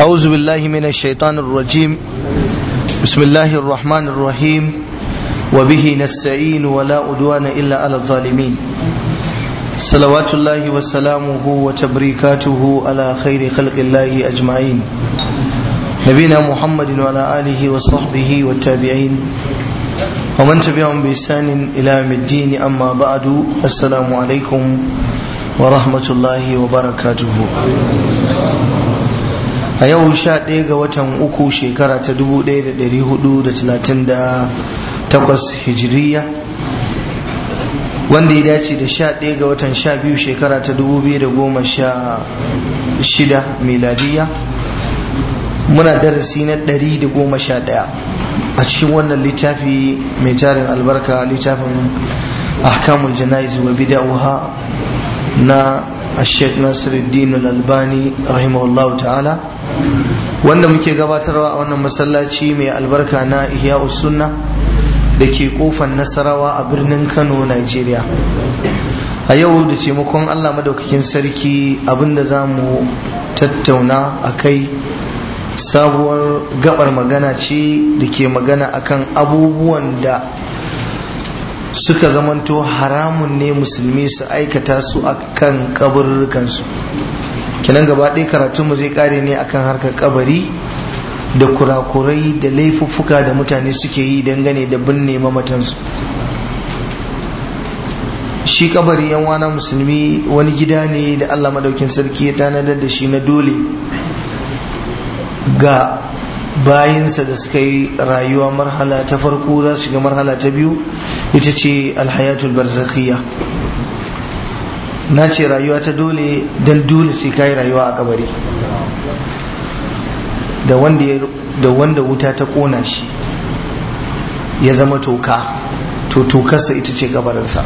أعوذ بالله من الشيطان الرجيم بسم الله الرحمن الرحيم وبه نستعين ولا عدوان إلا على الظالمين صلوات الله وسلامه وتبريكاته على خير خلق الله أجمعين نبينا محمد وعلى آله وصحبه والتابعين ومن تبعهم بإحسان إلى يوم الدين أما بعد السلام عليكم ورحمة الله وبركاته a yau sha ɗaya ga watan uku shekara ta dubu ɗaya da ɗari hudu da talatin da takwas hijiriya wanda ya dace da sha ɗaya ga watan sha biyu shekara ta dubu biyu da goma sha shida miladiya muna darasi na ɗari da goma sha ɗaya a cikin wannan littafi mai tarin albarka littafin ahkamul jana'iz wa bida'uha na الشيخ Nasiru الدين الألباني رحمه الله wanda muke gabatarwa a wannan masallaci mai albarka na ihya sunna da ke kofan nasarawa a birnin kano nigeria a yau da taimakon allah madaukakin sarki abinda za mu tattauna a kai sabuwar gabar magana ce da ke magana akan abubuwan da suka zamanto haramun ne musulmi su aikata su a kan kaburrukansu kinan gaba ɗaya karatun mu zai ƙare ne akan harkar kabari da kurakurai da laifuffuka da mutane suke yi dangane da binne mamatansu shi kabari yan wana musulmi wani gida ne da allah Maɗaukin sarki ya tanadar da shi na dole ga bayinsa da suka yi rayuwa marhala ta farko za su shiga marhala ta biyu ita ce alhayatul barzakhiyya na ce rayuwa ta dole don dole sai kayi rayuwa a kabari da wanda wuta ta kona shi ya zama toka to tokarsa ita ce kabarinsa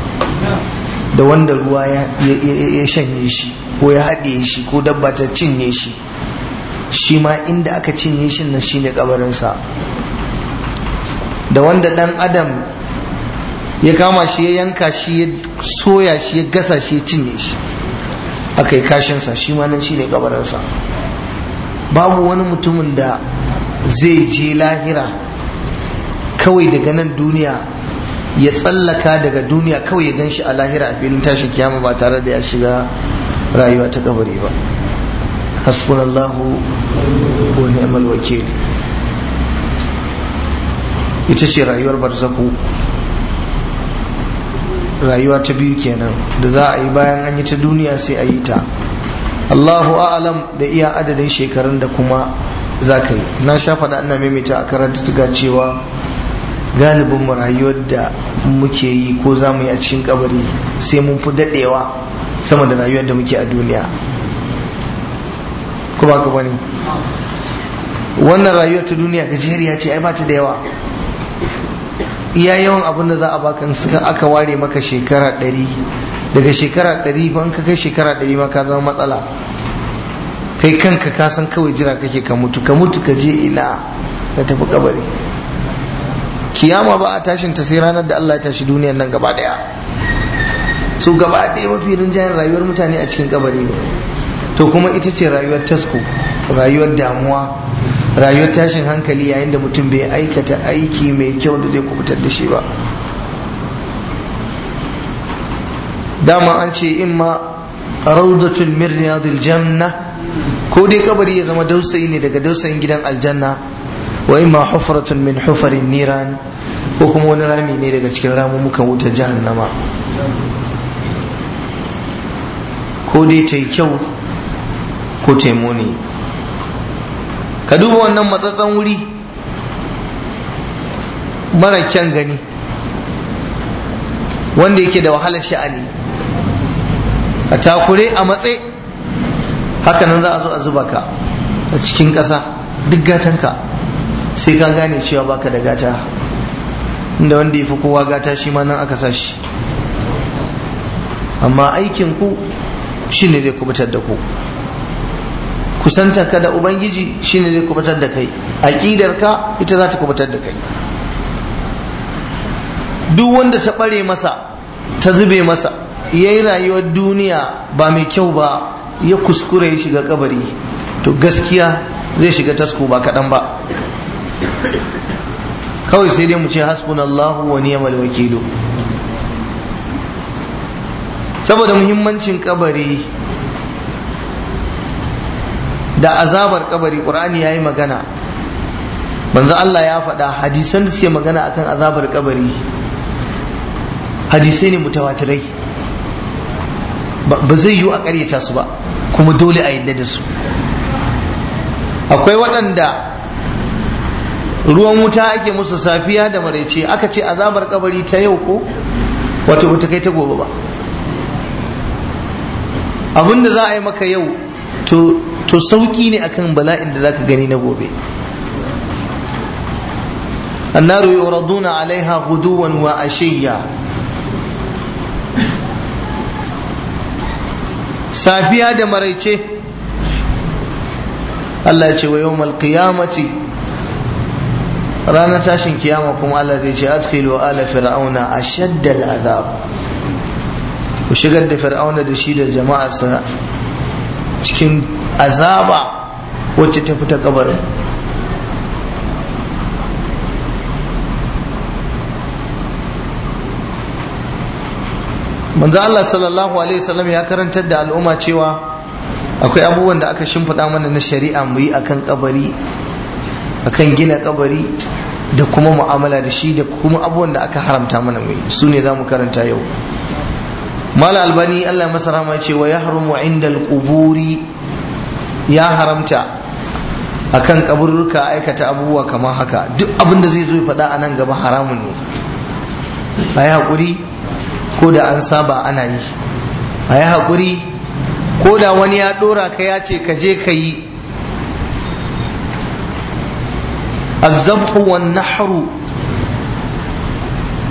da wanda ruwa ya shanye shi ko ya haɗe shi ko dabba ta cinye shi shi ma inda aka cinye shi shi shine kabarinsa da wanda dan adam ya kama shi ya yanka shi ya soya shi ya gasa shi ya cinye shi aka yi kashinsa shi ma nan ne kabarinsa babu wani mutumin da zai je lahira kawai daga nan duniya ya tsallaka daga duniya kawai ya gan shi a lahira a filin tashin kiyama ba tare da ya shiga rayuwa ta kabari ba hasbunallahu wa ni'mal wakil ita ce rayuwar barzaku rayuwa ta biyu kenan da za a yi bayan an yi ta duniya sai a yi ta Allahu a'lam da iya adadin shekarun da kuma za ka yi na sha faɗa ina maimaita a karanta tuga cewa galibin mu rayuwar da muke yi ko za mu yi a cikin kabari sai mun fi daɗewa sama da rayuwar da muke a duniya kuma ka bani? wannan rayuwar ta duniya gajeriya ce ai ba ta da yawa iya yawan abin da za a baka in suka aka ware maka shekara ɗari daga shekara ɗari ban ka kai shekara ɗari ma ka zama matsala kai kanka ka san kawai jira kake ka mutu ka mutu ka je ina ka tafi kabari kiyama ba a tashin ta sai ranar da Allah ya tashi duniyar nan gaba daya so gaba daya mafi rinjayen rayuwar mutane a cikin kabari ne to kuma ita ce rayuwar tasko rayuwar damuwa rayuwar tashin hankali yayin da mutum bai aikata aiki mai kyau da zai kubutar da shi ba dama an ce in ma raudatul min janna ko dai kabari ya zama dausayi ne daga dausayin gidan aljanna wa in ma hufratun min hufarin niran ko kuma wani rami ne daga cikin ramumukan wutar jahannama ko dai ta yi kyau ko taimuni? ka duba wannan matsatsan wuri mara kyan gani wanda yake da wahalar sha'ani a takure a matse hakanan za a zo a zuba ka a cikin ƙasa duk gatanka sai ka gane cewa baka da gata inda wanda ya fi kowa gata shi ma nan aka sa shi amma aikin ku shi ne zai kubutar da ku kusanta ka da ubangiji shine zai kubutar da kai aqidar ka ita za ta kubutar da kai duk wanda ta bare masa ta zube masa yayi rayuwar duniya ba mai kyau ba ya kuskure ya shiga kabari to gaskiya zai shiga tasko ba kaɗan ba kawai sai dai mu ce hasbunallahu wa ni'mal wakilu saboda muhimmancin kabari da azabar kabari qur'ani yayi magana manzo Allah ya faɗa hadisan da suke magana akan azabar kabari hadisai ne mutawatirai ba zai yiwu a ƙaryata su ba kuma dole a yadda da su akwai waɗanda ruwan wuta ake musu safiya da maraice aka ce azabar kabari ta yau ko wato bata kai ta gobe ba abinda za a yi maka yau to to sauki ne akan bala'in da zaka gani na gobe annaru yuraduna alaiha guduwan wa ashiya safiya da maraice Allah ce wa yawmal qiyamati ranar tashin kiyama kuma Allah zai ce adkhilu ala fir'auna ashaddal azab ku shigar da fir'auna da shi da jama'arsa cikin azaba wacce ta fita kabarin manzo Allah sallallahu alaihi wasallam ya karantar da al'umma cewa akwai abubuwan da aka shimfiɗa mana na shari'a mu yi akan kabari akan gina kabari da kuma mu'amala da shi da kuma abubuwan da aka haramta mana mu yi su ne za mu karanta yau mala albani Allah masa rama ce wa yahrumu inda al-quburi ya haramta a akan kaburruka aikata abubuwa kamar haka duk abin zai zo faɗa a nan gaba haramun ne a yi haƙuri ko da an saba ana yi a yi haƙuri ko da wani ya ɗora ka ya ce ka je ka yi azzabhu wan nahru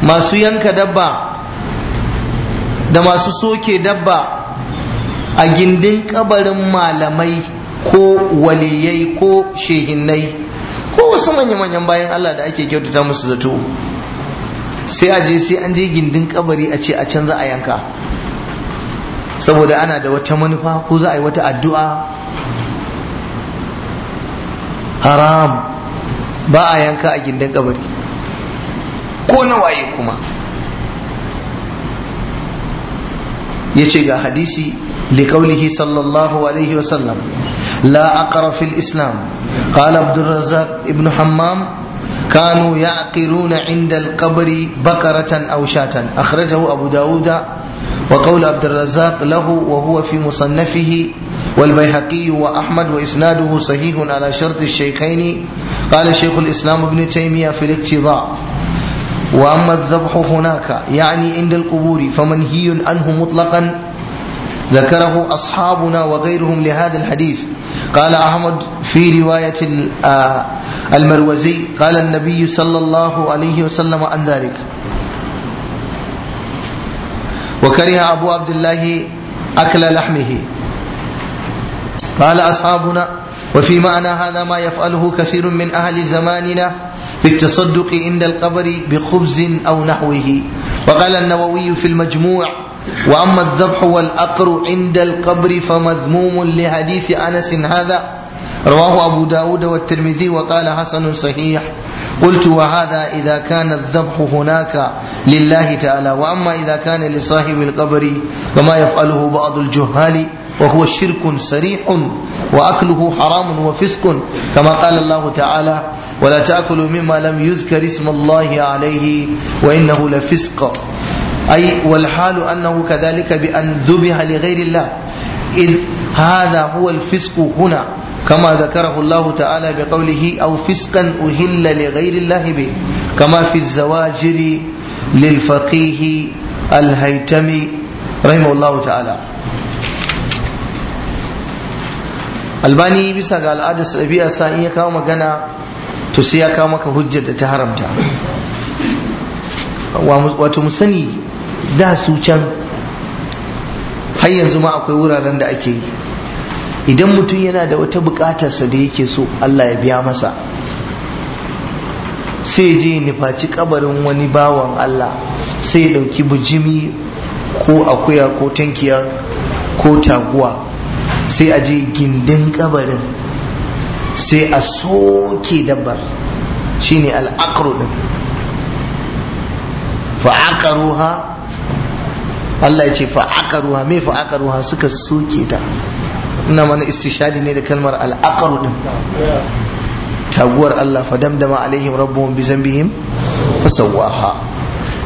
masu yanka dabba da masu soke dabba a gindin kabarin malamai ko waliyai ko shehinnai ko wasu manya-manyan bayan Allah da ake kyautata musu zato sai a je sai an je gindin kabari a ce a can za a yanka saboda ana da wata manufa ko za a yi wata addu'a haram ba a yanka a gindin kabari ko na waye kuma ya ce ga hadisi لقوله صلى الله عليه وسلم لا أقر في الإسلام قال عبد الرزاق ابن حمام كانوا يعقرون عند القبر بقرة أو شاة أخرجه أبو داود وقول عبد الرزاق له وهو في مصنفه والبيهقي وأحمد وإسناده صحيح على شرط الشيخين قال شيخ الإسلام ابن تيمية في الاقتضاء وأما الذبح هناك يعني عند القبور فمنهي عنه مطلقا ذكره أصحابنا وغيرهم لهذا الحديث قال أحمد في رواية المروزي قال النبي صلى الله عليه وسلم عن ذلك وكره أبو عبد الله أكل لحمه قال أصحابنا وفي معنى هذا ما يفعله كثير من أهل زماننا بالتصدق عند القبر بخبز أو نحوه وقال النووي في المجموع وأما الذبح والأقر عند القبر فمذموم لحديث أنس هذا رواه أبو داود والترمذي وقال حسن صحيح قلت وهذا إذا كان الذبح هناك لله تعالى وأما إذا كان لصاحب القبر كما يفعله بعض الجهال وهو شرك صريح وأكله حرام وفسق كما قال الله تعالى ولا تأكلوا مما لم يذكر اسم الله عليه وإنه لفسق أي والحال أنه كذلك بأن ذبح لغير الله إذ هذا هو الفسق هنا كما ذكره الله تعالى بقوله أو فسقا أهل لغير الله به كما في الزواجر للفقيه الهيتمي رحمه الله تعالى albani bisa ga al'adar ɗabi'a sa in ya kawo magana to sai ya kawo maka hujjar da ta haramta wato mu sani da su can har yanzu ma akwai wuraren da ake yi idan mutum yana da wata bukatarsa da yake so Allah ya biya masa sai je nufaci kabarin wani bawan Allah sai ya ɗauki bujimi ko akuya ko tankiya ko taguwa sai a je gindin kabarin sai a soke dabbar shine al'aqru din fa Allah ya ce fa fa'aqaruha me fa'aqaruha suka soke ta ina mana istishadi ne da kalmar al'aqaru din taguwar Allah fa damdama alaihim rabbuhum bi zambihim sawaha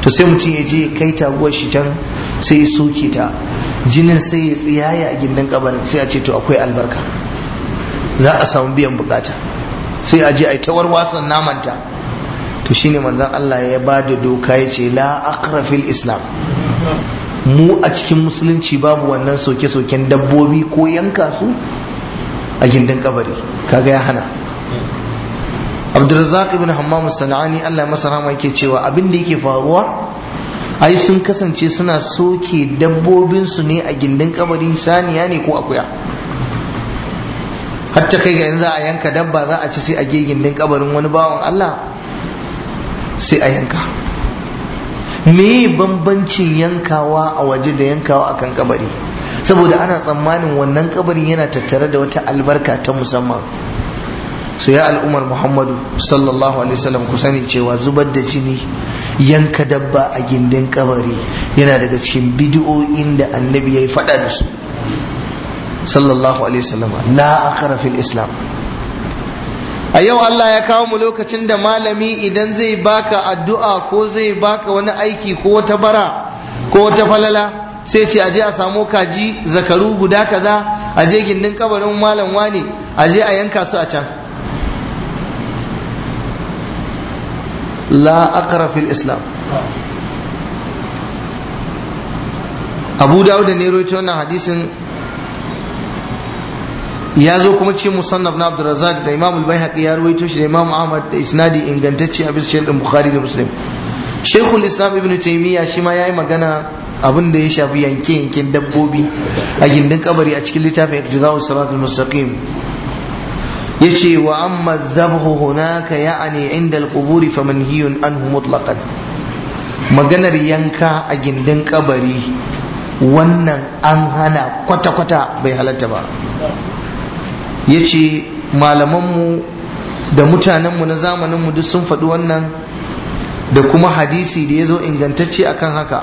to sai mutum ya je kai taguwar shi can sai ya soke ta jinin sai ya tsiyaya a gindin kabarin sai a ce to akwai albarka za a samu biyan bukata sai a je a yi tawar wasan namanta to shine manzon Allah ya ba da doka ya ce la aqra islam mu a cikin musulunci babu wannan soke-soken dabbobi ko yanka su a gindin kabari kaga ya hana abdulrazak ibn hammam sana'ani allah masa rama yake cewa abin da yake faruwa ai sun kasance suna soke dabbobinsu ne a gindin kabari saniya ne ko akuya hatta kai ga za a yanka dabba za a ci sai a gindin kabarin wani bawan allah sai a yanka me bambancin yankawa a waje da yankawa a kan kabari saboda ana tsammanin wannan kabarin yana tattare da wata albarka ta musamman su ya al'umar muhammadu sallallahu alaihi wasallam ku sani cewa zubar da jini yanka dabba a gindin kabari yana daga cikin bidiyo da annabi ya yi faɗa da su sallallahu alaihi wasallam la akhara fil islam a yau Allah ya kawo mu lokacin da malami idan zai baka addu'a ko zai baka wani aiki ko wata bara ko wata falala sai ce aje a samu kaji zakaru guda kaza aje gindin kabarin malam wani aje a yanka su a can la aqra fil islam abu dawud ne rawaito wannan hadisin ya zo kuma ce musannaf na abdurrazzaq da imam al ya ruwaito shi da imam ahmad da isnadi ingantacce a bisa din bukhari da muslim shaykhul islam ibn taymiya shi ma yi magana abin da ya shafi yanke yankin dabbobi a gindin kabari a cikin littafin iqtida'us siratal ya ce wa amma dhabhu hunaka ya'ni inda al hiyun an anhu mutlaqan maganar yanka a gindin kabari wannan an hana kwata-kwata bai halatta ba ya ce malamanmu da mutanenmu na zamaninmu duk sun faɗi wannan da kuma hadisi da ya zo ingantacce kan haka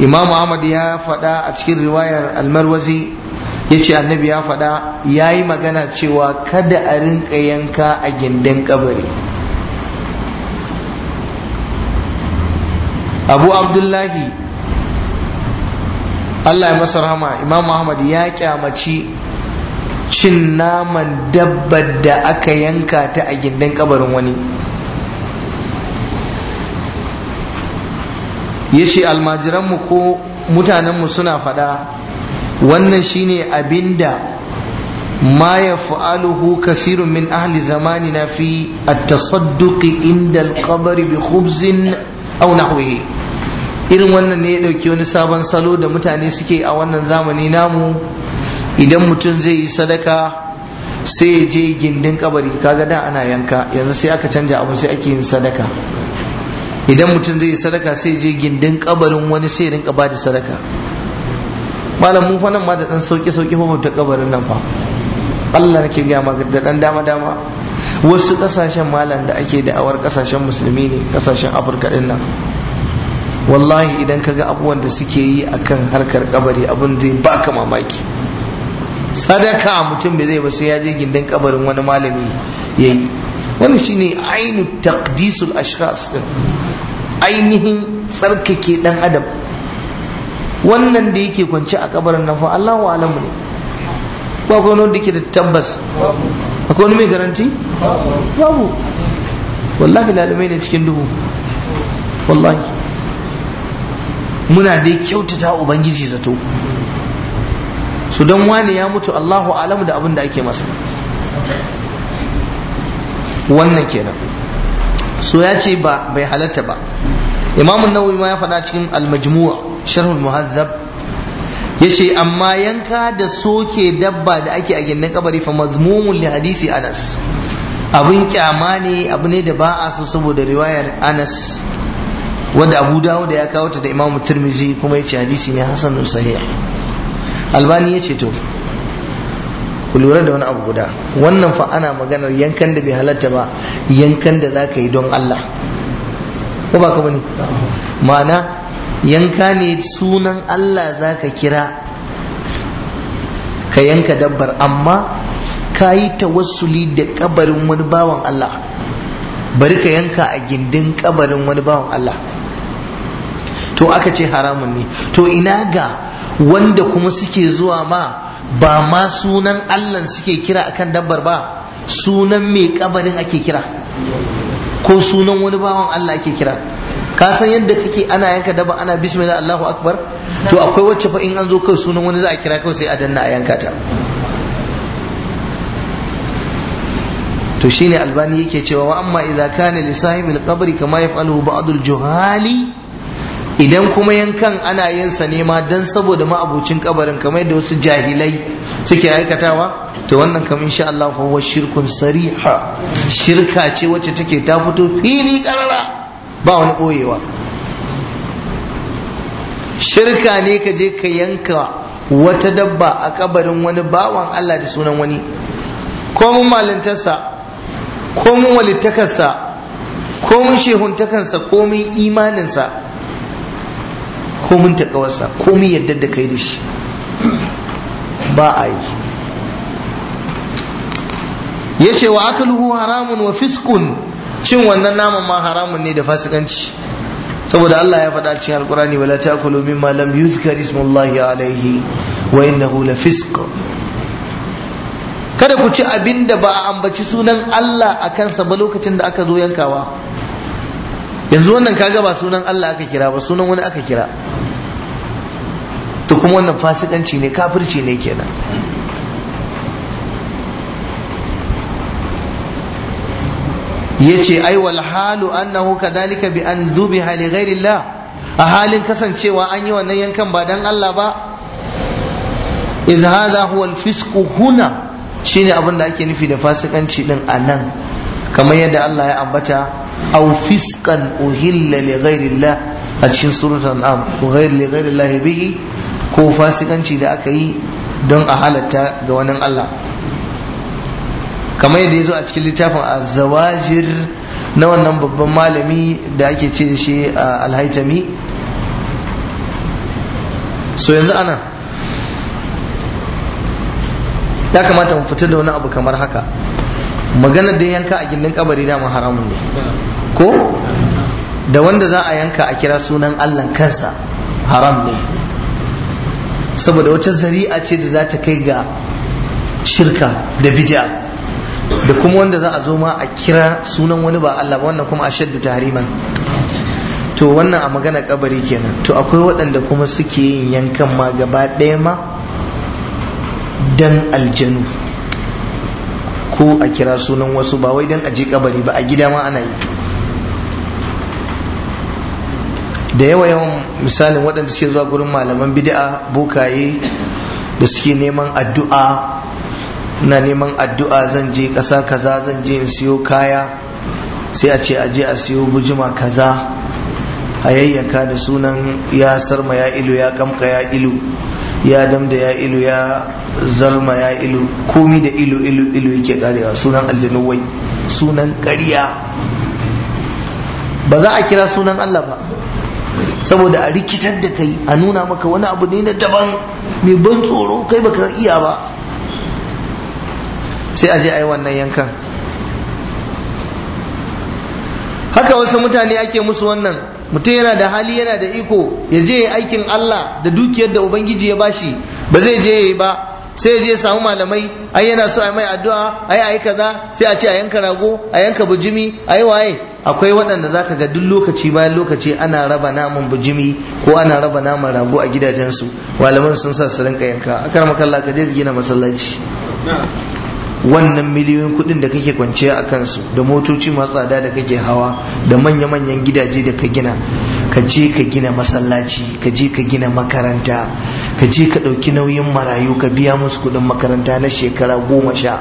imamu ahmad ya faɗa a cikin riwayar almarwazi ya ce annabi ya faɗa ya yi magana cewa kada a rinka yanka a gindin kabari abu abdullahi allah ya masa rahama imamu ahmad ya kyamaci cin naman dabbar da aka yanka ta a gindin kabarin wani ya ce almajiranmu ko mutanenmu suna faɗa wannan shine abinda ma ya fa'aluhu kasirun min ahli zamani na fi a tasadduki inda alkabari bi khubzin au nahwihi irin wannan ne ya ɗauki wani sabon salo da mutane suke a wannan zamani namu idan mutum zai yi sadaka sai ya je gindin kabari kaga da ana yanka yanzu sai aka canja abun sai ake yin sadaka idan mutum zai yi sadaka sai ya je gindin kabarin wani sai ya rinka ba da sadaka malam mu fa nan ma da dan sauki sauki fa ta kabarin nan fa Allah nake ga ma da dan dama dama wasu kasashen malam da ake da'awar kasashen musulmi ne kasashen afirka din nan wallahi idan kaga abubuwan da suke yi akan harkar kabari abun zai baka mamaki sadaka mutum bai zai ba sai ya je gindin kabarin wani malami ya yi wani shine ainu taqdisul ashkhas ainihin tsarkake dan adam wannan da yake kwance a kabarin nan fa Allahu alamu ne ba kuma wanda ke da tabbas akwai wani mai garanti babu wallahi lalumai ne cikin duhu wallahi muna dai kyautata ubangiji zato su don wani ya mutu Allahu alamu da abin da ake masa wannan kenan so ya ce ba bai halatta ba imamun nawawi ma ya faɗa cikin al sharhul muhazzab ce amma yanka da soke dabba da ake a gindin kabari fa mazmumun li hadisi anas abin kyama ne abu ne da ba a so saboda riwayar anas wanda abu Da'uda ya kawo ta da imamu Turmizi kuma ya ce hadisi ne hasanun sahih albani ya ce to ku lura da wani abu guda wannan fa ana maganar yankan da bai halatta ba yankan da za ka yi don Allah ko ba ka bane ma'ana yanka ne sunan Allah za ka kira ka yanka dabbar amma ka yi tawassuli da kabarin wani bawan Allah bari ka yanka a gindin kabarin wani bawan Allah to aka ce haramun ne to ina ga wanda kuma suke zuwa ma ba ma sunan Allah suke kira akan dabbar ba sunan mai kabarin ake kira ko sunan wani bawan Allah ake kira ka san yadda kake ana yanka daba ana bismillah Allahu akbar to akwai wacce fa in an zo kai sunan wani za a kira kawai sai a danna a yanka ta to shine albani yake cewa wa amma idza kana li sahibil qabri kama yaf'aluhu ba'dul juhali idan kuma yankan ana yin sa ne ma dan saboda ma'abucin kabarin kamar da wasu jahilai suke aikatawa to wannan kam insha Allah fa huwa shirkun sariha shirka ce wacce take ta fito fili karara ba wani boyewa shirka ne ka je ka yanka wata dabba a kabarin wani bawan Allah da sunan wani ko mun malintarsa ko mun walittakarsa ko mun shehuntakarsa ko mun imaninsa ko mun taƙawarsa ko mun yadda da kai da shi ba a yi ya ce wa luhu haramun wa fiskun cin wannan naman ma haramun ne da fasikanci saboda Allah ya faɗa cikin alkurani wala kulu mimma lam yuzkar ismullahi alaihi wa innahu la fisq kada ku ci abin da ba a ambaci sunan Allah a kansa ba lokacin da aka zo yankawa yanzu wannan kaga ba sunan Allah aka kira ba sunan wani aka kira to kuma wannan fasikanci ne kafirci ne kenan yace ai wal halu annahu kadhalika bi an zubiha li ghairillah a halin kasancewa an yi wannan yankan ba dan Allah ba iz hadha huwa al fisqu huna shine abin da ake nufi da fasikanci din anan kamar yadda Allah ya ambata aw fisqan uhilla li ghairillah a cikin suratul an'am ghair li ghairillah bihi ko fasikanci da aka yi don a halatta ga wani Allah kamar yadda ya zo a cikin littafin azawajir na wannan babban malami da ake ce da shi alhaitami so yanzu ana ya kamata mu fita da wani abu kamar haka maganar da yanka a gindin kabari dama haramun ne ko da wanda za a yanka a kira sunan allah kansa haram ne saboda wata zari'a ce da za ta kai ga shirka da bid'a da kuma wanda za a zo ma a kira sunan wani ba allah ba wannan kuma a shaddu tahriman to wannan a magana kabari kenan to akwai waɗanda kuma suke yin yankan ma gaba ɗaya ma dan aljanu ko a kira sunan wasu ba wai dan aje kabari ba a gida ma ana yi da yawa yawan misalin waɗanda suke zuwa gurin malaman bid'a bukaye da suke neman addu'a na neman addu'a zan je ƙasa kaza zan je in siyo kaya sai a ce a je a siyo bujima kaza a yayyanka da sunan ya sarma ya ilu ya kamka ya ilu ya damda ya ilu ya zarma ya ilu komi da ilu ilu ilu yake karewa sunan aljanu wai sunan ƙarya ba za a kira sunan Allah ba saboda a rikitar da kai a nuna maka wani abu ne na daban mai ban tsoro kai baka iya ba sai a je a yi wannan yankan haka wasu mutane ake musu wannan mutum yana da hali yana da iko ya je aikin Allah da dukiyar da Ubangiji ya bashi ba zai je yi ba sai ya je samu malamai ai yana so a mai addu'a ai ai kaza sai a ce a yanka rago a yanka bujimi ai waye akwai waɗanda zaka ga duk lokaci bayan lokaci ana raba naman bujimi ko ana raba naman rago a gidajen su malaman sun sa su rinka yanka akar makalla ka je gina masallaci wannan miliyoyin kuɗin da kake kwance a kansu da motoci masu tsada da kake hawa da manya-manyan gidaje da ka gina ka je ka gina masallaci ka je ka gina makaranta ka je ka ɗauki nauyin marayu ka biya musu kuɗin makaranta na shekara goma sha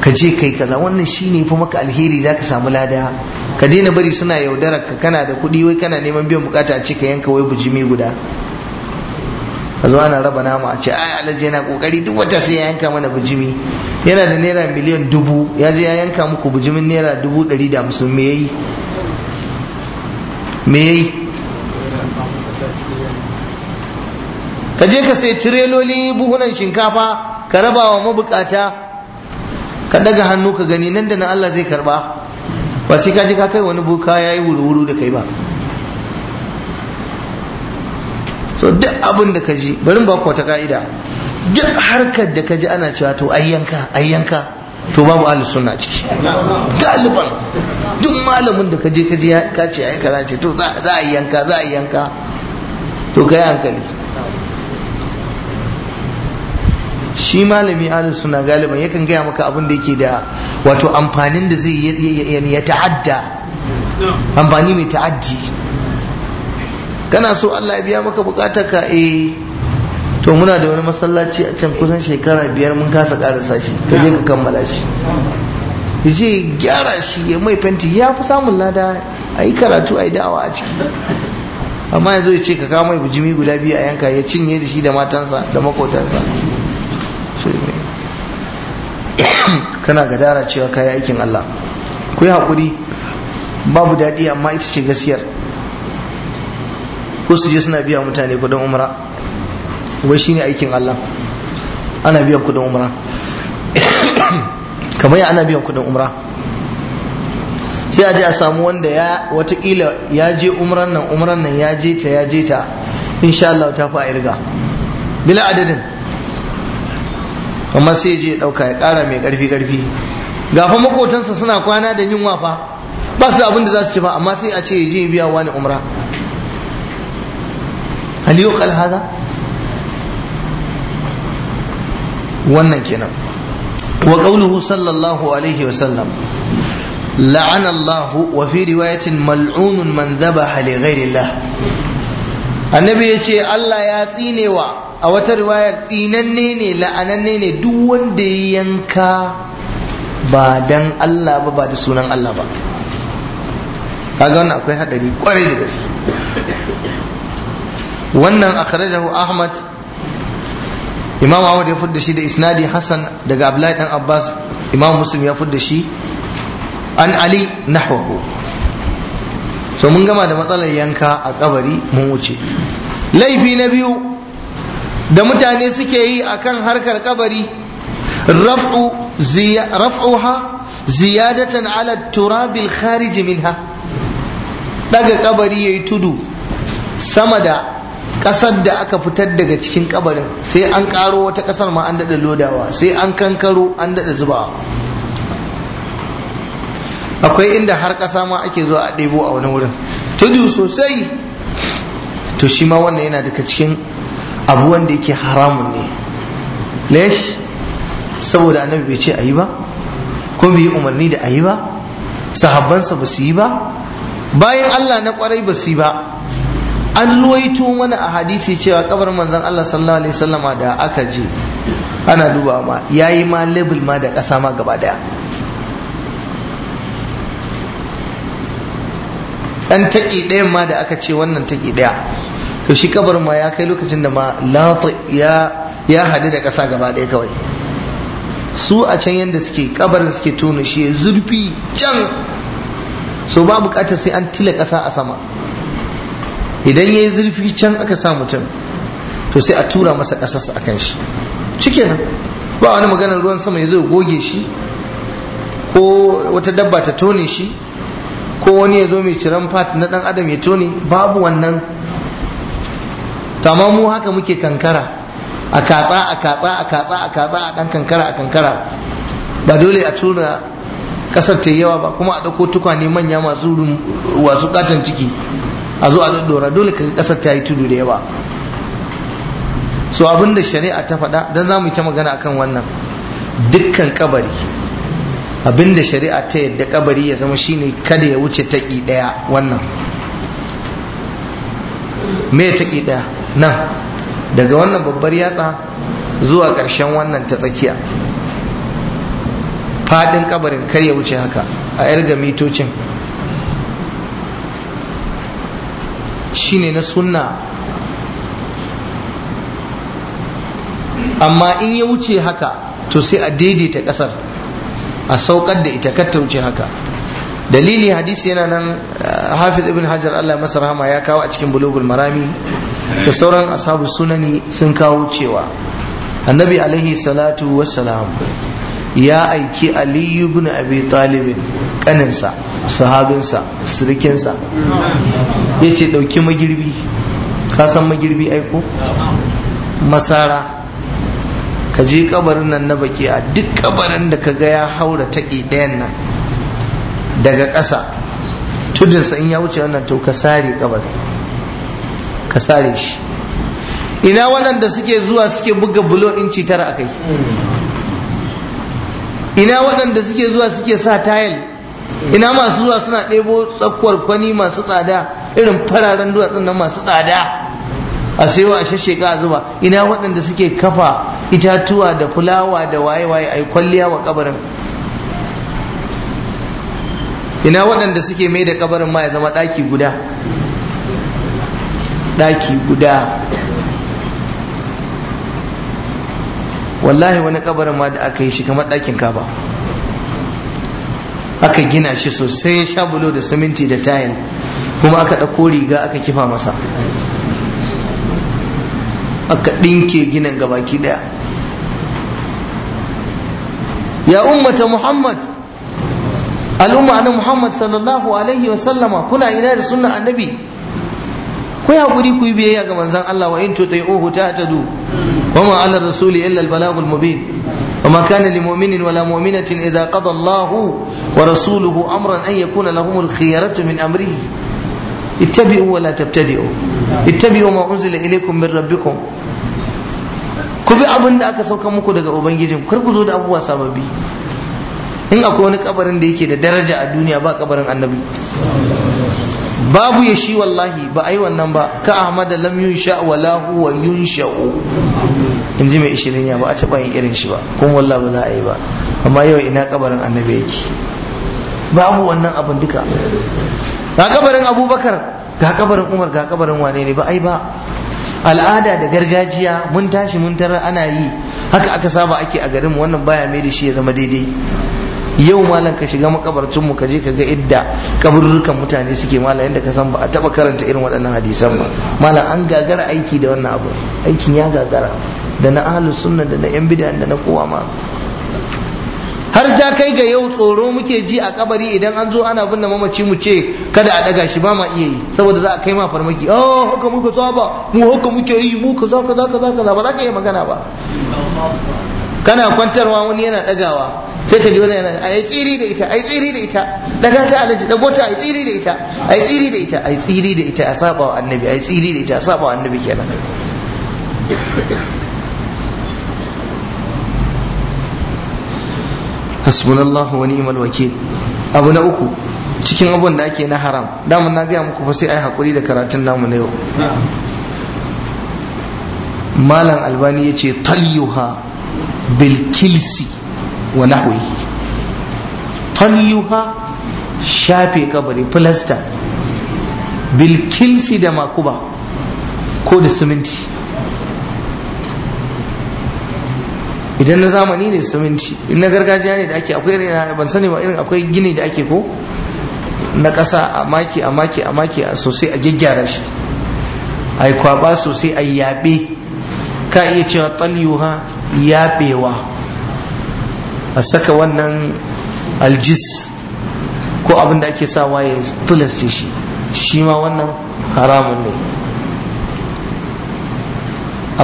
ka je kai kaza wannan shine fa maka alheri za ka samu lada ka daina bari suna yaudarar ka kana da kuɗi wai kana neman biyan bukata a ce ka yanka wai bujimi guda a zo ana raba nama a ce ai alhaji yana kokari duk wata sai ya yanka mana bujimi yana da naira miliyan dubu ya je ya yanka muku bujimin naira dubu ɗari da hamsin me yayi me yayi ka je ka sai tireloli buhunan shinkafa ka raba wa mabukata ka daga hannu ka gani nan da nan Allah zai karba ba sai ka je ka kai wani ya yayi wuru-wuru da kai ba so duk abin da ka ji bari ba ku wata ka'ida duk harkar da ka ji ana cewa to ayyanka ayyanka to babu ahlus sunna ciki galiban duk malamin da ka je ka je ka ce ayyanka za ce to za a yanka za a yanka to kai hankali shi malami ahlus sunna galiban yakan gaya maka abin da yake da wato amfanin da zai ya ta'adda amfani mai ta'addi kana so Allah ya biya maka bukatar ka eh to muna da wani masallaci a can kusan shekara biyar mun kasa karasa shi ka je ka kammala shi ya ce gyara shi ya mai fenti ya fi samun lada a yi karatu a yi da'awa a ciki amma yanzu ya ce ka kama mai bijimi guda biyu a yanka ya cinye da shi da matansa da makotansa kana gadara cewa kayi aikin Allah ku yi haƙuri babu daɗi amma ita ce gaskiyar ko su je suna biya mutane kudin umra wai ne aikin Allah ana biyan kudin umra kamar ya ana biyan kudin umra sai a je a samu wanda ya watakila ya je umran nan umran nan ya je ta ya je ta insha Allah ta fa a irga bila adadin amma sai je ɗauka ya ƙara mai ƙarfi ƙarfi gafa makotansa suna kwana da yin wafa ba su da abin da za su ci ba amma sai a ce ya je biya wani umra aliyu kalhaza wannan kenan wa qawluhu sallallahu alaihi wa sallam لعن الله وفي رواية ملعون من ذبح لغير الله النبي يقول الله يا tsinewa. a wata riwayar tsinanne ne la'ananne ne duk wanda ya yanka ba dan Allah ba ba da sunan Allah ba kaga wannan akwai hadari kwarai da gaske wannan akhrajahu Ahmad Imam Ahmad ya fudda shi da isnadi Hassan daga Abdullahi dan Abbas Imam Muslim ya fudda shi an Ali nahwahu to mun gama da matsalar yanka a kabari mun wuce laifi na biyu da mutane suke yi akan harkar kabari raf'uha ziyadatan ala turabil kharij minha daga kabari yayi tudu sama da kasar da aka fitar daga cikin kabarin sai an karo wata kasar ma an dada lodawa sai an kankaro an dada zubawa akwai inda har kasa ma ake zuwa a ɗebo a wani wurin tudu sosai to shi ma wannan yana daga cikin abu wanda yake haramun ne lesh saboda annabi bai ce ayi ba kuma bai yi umarni da ayi ba sahabbansa ba su yi ba bayan Allah na kwarai ba su yi ba an luwaito mana a hadisi cewa kabar manzon Allah sallallahu alaihi da aka je ana duba ma yayi ma label ma da ƙasa ma gaba daya Ɗan taki ɗayan ma da aka ce wannan taki ɗaya to shi kabarin ma ya kai lokacin da ma lati ya ya hadu da ƙasa gaba ɗaya kawai su a can yadda suke kabarin suke tona shi zurfi can so ba bukatar sai an tila ƙasa a sama idan ya yi zurfi can aka sa mutum to sai a tura masa ƙasarsa a kan shi cikin ba wani maganar ruwan sama ya zo goge shi ko wata dabba ta tone shi ko wani ya zo mai ciran fat na ɗan adam ya tone babu wannan to amma mu haka muke kankara a katsa a katsa a katsa a katsa a dan kankara a kankara ba dole a tura kasar ta yawa ba kuma a dauko tukwane manya masu wasu katon ciki a zo a daddora dole ka kasar ta yi tudu da yawa so abin da shari'a ta faɗa dan za mu yi ta magana akan wannan dukkan kabari abin da shari'a ta yadda kabari ya zama shine kada ya wuce taƙi ɗaya wannan me taƙi ɗaya nan daga wannan babbar yatsa zuwa ƙarshen wannan ta tsakiya faɗin kabarin kar ya wuce haka a yar mitocin shine na sunna amma in ya wuce haka to sai a daidaita ƙasar a saukar da ita kar ta wuce haka dalili hadisi yana nan uh, hafiz ibn hajar allah masa rahama ya kawo a cikin bulugul marami da sauran ashabu sunani sun kawo cewa annabi alaihi salatu wassalam ya aiki aliyu ibn abi talibin kaninsa sahabinsa sirikinsa ya ce dauki magirbi ka san magirbi aiko masara ka je kabarin nan na baki a duk kabarin da ka ga ya haura taƙi ɗayan nan daga ƙasa tudunsa in ya wuce wannan to ka sare kabar ka sare shi ina waɗanda suke zuwa suke buga bulo inci tara a kai ina waɗanda suke zuwa suke sa tayil ina masu zuwa suna ɗebo tsakuwar kwani masu tsada irin fararen duwatsun nan masu tsada a saiwa a shasheka a zuba ina waɗanda suke kafa itatuwa da fulawa da waye-waye a yi kwalliya wa kabarin ina waɗanda suke mai da kabarin ma ya zama ɗaki guda ɗaki guda wallahi wani kabarin ma da aka yi shi kamar ɗakin kaba aka gina shi sosai ya sha bulo da siminti da tayil kuma aka ɗauko riga aka kifa masa aka ɗinke ginin gabaki ɗaya ya ummata muhammad al'umma na muhammad sallallahu alaihi wa sallama kuna ina da sunnah annabi ku hakuri kuyi biyayya ga manzon Allah wa'in in tutai uhu ta tadu wa ma ala rasul illa al balagul mubin wa ma kana mu'minin wa mu'minatin idha qada Allahu wa rasuluhu amran an yakuna lahumul khiyaratu min amrihi ittabi'u wa la tabtadi'u ittabi'u ma unzila ilaykum min rabbikum ku bi abin da aka sauka muku daga ubangijin kar ku zo da abubuwa sababbi in akwai wani kabarin da yake da daraja a duniya ba kabarin annabi babu ya shi wallahi ba a yi wannan ba ka ahmada lam yunsha wa lahu Yun, Sha'u. in ji mai ishirin ya ba a taɓa yin irin shi ba kuma walla ba za a yi ba amma yau ina kabarin annabi yake babu wannan abin duka ga kabarin abubakar ga kabarin umar ga kabarin wane ne ba ai ba al'ada da gargajiya mun tashi mun tarar ana yi haka aka saba ake a garin wannan baya mai da shi ya zama daidai yau malam ka shiga makabarcin mu ka je ka ga idda kaburrukan mutane suke malam yadda ka san ba a taba karanta irin waɗannan hadisan ba malam an gagara aiki da wannan abu aikin ya gagara da na ahlus sunna da na yan bid'a da na kowa ma har ta kai ga yau tsoro muke ji a kabari idan an zo ana binne mamaci mu ce kada a daga shi ba ma iya yi saboda za a kai ma farmaki oh haka muka saba mu haka muke yi mu kaza kaza kaza kaza ba za ka iya magana ba kana kwantarwa wani yana dagawa sai ka ji wani yana ai tsiri da ita ai tsiri da ita daga ta alaji dago ta ai tsiri da ita ai tsiri da ita ai tsiri da ita a saba wa annabi ai tsiri da ita a saba wa annabi kenan hasbunallahu wa ni'mal wakil abu na uku cikin abun da ake na haram damun na gaya muku fa sai ai hakuri da karatun namu na yau malam albani ya ce bil bilkilsi wa nahwihi talyuha shafe kabari filasta bilkilsi da makuba ko da siminti idan na zamani ne siminti in na gargajiya ne da ake akwai irin ban sani ba irin akwai gini da ake ko na ƙasa a maki a maki a maki a sosai a gyaggyara shi a yi kwaba sosai a yaɓe ka iya cewa tsalyuha yaɓewa a saka wannan aljis ko abin da ake sawa ya filasce shi shi ma wannan haramun ne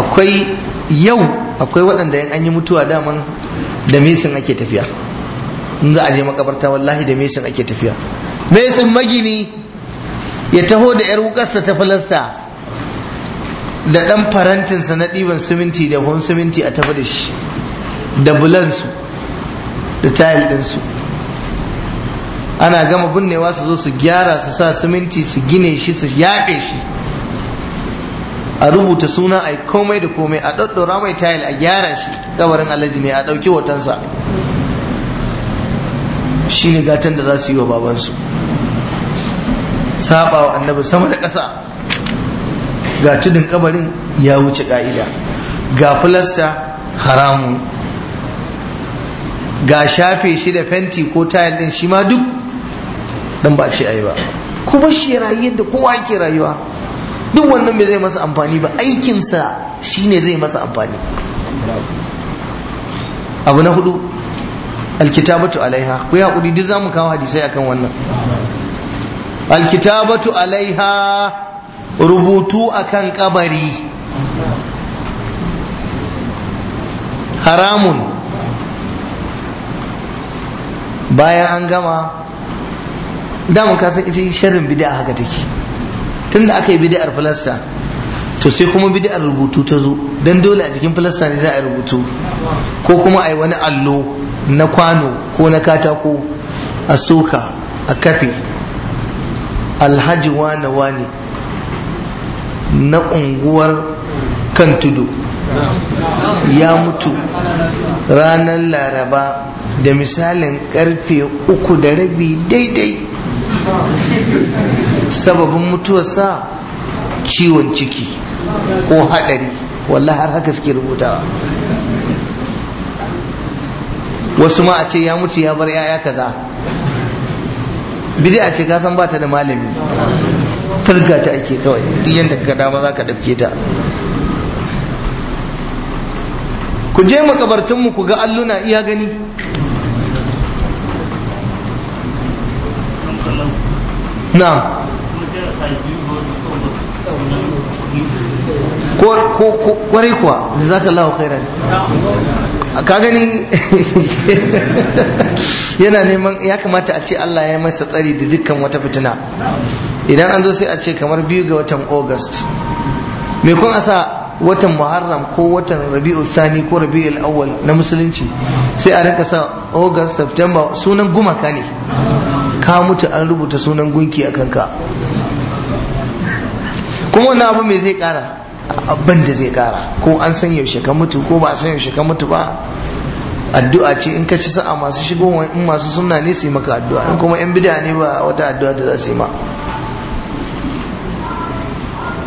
akwai yau akwai waɗanda an yi mutuwa daman da mesin ake tafiya in za a je makabarta wallahi da mesin ake tafiya mesin magini ya taho da 'yar wukarsa ta filasta da ɗan farantinsa na ɗiban siminti da hon siminti a tafi da shi da bulansu da tayil su. ana gama binnewa su zo su gyara su sa siminti su gine shi su yaƙe shi a rubuta suna a komai da komai a ɗaɗɗora mai tayil a gyara shi gabarin alhaji ne a ɗauki hotonsa shi ne gatan da za su yi wa babansu saba wa annabi sama da ƙasa ga tudun kabarin ya wuce ka'ida. ga filasta haramun ga shafe shi da fenti ko tayal din shi ma duk dan ba ce ayi ba ba shi rayuwar da kowa yake rayuwa duk wannan bai zai masa amfani ba aikinsa shine zai masa amfani abu na hudu alkitabatu alaiha ku hakuri duk zamu kawo hadisai akan wannan alkitabatu alaiha rubutu akan kabari haramun bayan an gama damun kasan ita sharrin bid'a haka take tunda aka yi bid'ar filasta to sai kuma bid'ar rubutu ta zo dan dole a jikin filasta ne za a rubutu ko kuma a yi wani allo na kwano ko na katako a soka a kafe alhaji wane wane na unguwar kan tudu ya mutu ranar laraba da misalin karfe uku da rabi daidai sababin mutuwarsa ciwon ciki ko haɗari wallahi har haka suke rubutawa wasu ma a ce ya mutu ya bar yaya kaza bidi a ce kasan ba ta da malami turga ta ake kawai duk yadda ka dama za ka ɗauke ta ku je makabartinmu ku ga alluna iya gani na ko kwarai kuwa da zaka khairan ka gani yana neman ya kamata a ce Allah ya masa tsari da dukkan wata fitina idan an zo sai a ce kamar biyu ga watan august me kun a sa watan muharram ko watan rabi'u sani ko rabi'u awwal na musulunci sai a rinka sa august september sunan gumaka ne ka mutu an rubuta sunan gunki a kanka kuma wani abu mai zai kara abin da zai kara ko an san yaushe ka mutu ko ba a san yaushe ka mutu ba addu'a ce in ka ci sa'a masu shigo in masu sunna ne su maka addu'a in kuma yan bid'a ne ba wata addu'a da za su yi ma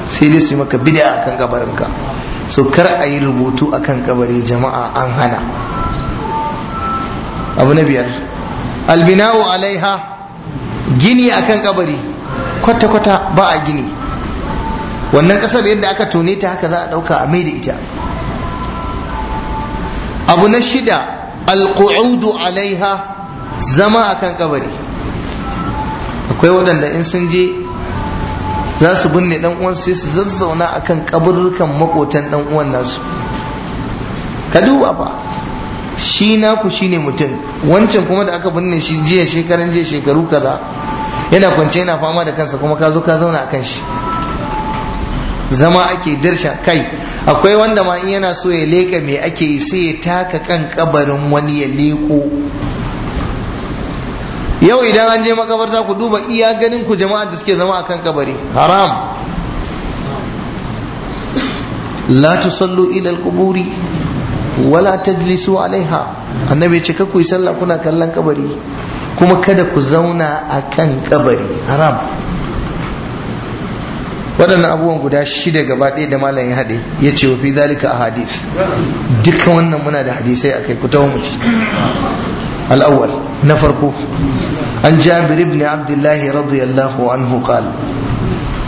sai dai su yi maka bid'a kan kabarinka so kar a yi rubutu akan kabari jama'a an hana abu na biyar albina'u alaiha gini akan kabari kwata-kwata ba a gini wannan kasar yadda aka tone ta haka za a dauka a mai da ita abu na shida alku'udu alaiha zama akan kabari akwai waɗanda in sun je za su binne dan uwan sai su zazzauna akan kaburrukan makotan dan uwan nasu ka duba ba shi naku shine mutum wancan kuma da aka binne shi jiya shekaran jiya shekaru kaza yana kwance yana fama da kansa kuma ka zo ka zauna akan shi zama ake dirsha kai akwai wanda ma in yana so ya leka me ake yi sai ya taka kan kabarin wani ya leko yau idan an je makabarta ku duba iya ganin ku jama'a da suke zama akan kabari haram la tusallu ila al-quburi wala tajlisu alaiha annabi ya ce ku yi sallah kuna kallon kabari kuma kada ku zauna a kan kabari haram waɗannan abubuwan guda shida gaba ɗaya da malam ya haɗe ya ce fi zalika a hadis dukkan wannan muna da hadisai a kai ku tawo mu ci al'awwal na farko an jabir ibn abdullahi radiyallahu anhu qal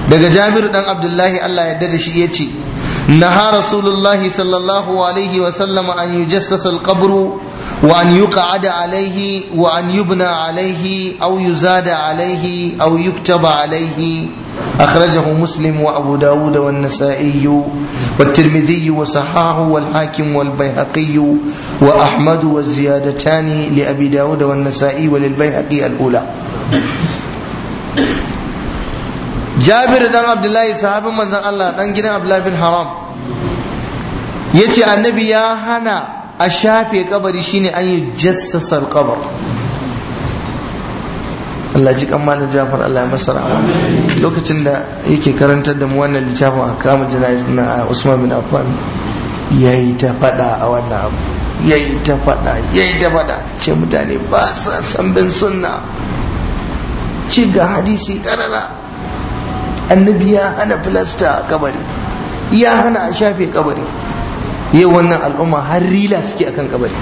daga jabir dan abdullahi Allah ya da shi ya ce naha rasulullahi sallallahu alaihi wa sallama an yujassasa al-qabru وأن يقعد عليه وأن يبنى عليه أو يزاد عليه أو يكتب عليه أخرجه مسلم وأبو داود والنسائي والترمذي وصححه والحاكم والبيهقي وأحمد والزيادتان لأبي داود والنسائي وللبيهقي الأولى جابر بن عبد الله صحابي من الله دان gidan Abdullah bin Haram yace annabi ya hana a shafe kabari shine an yi jassasa alkabar Allah ji kan malam Jafar Allah ya masara lokacin da yake karantar da mu wannan littafin a kama jana'iz na Usman bin Affan yi ta fada a wannan abu Ya yi ta fada ya yi ta fada ce mutane ba sa san bin sunna ci ga hadisi karara annabi ya hana filasta a kabari ya hana a shafe kabari yau wannan al'umma har rila suke akan kabari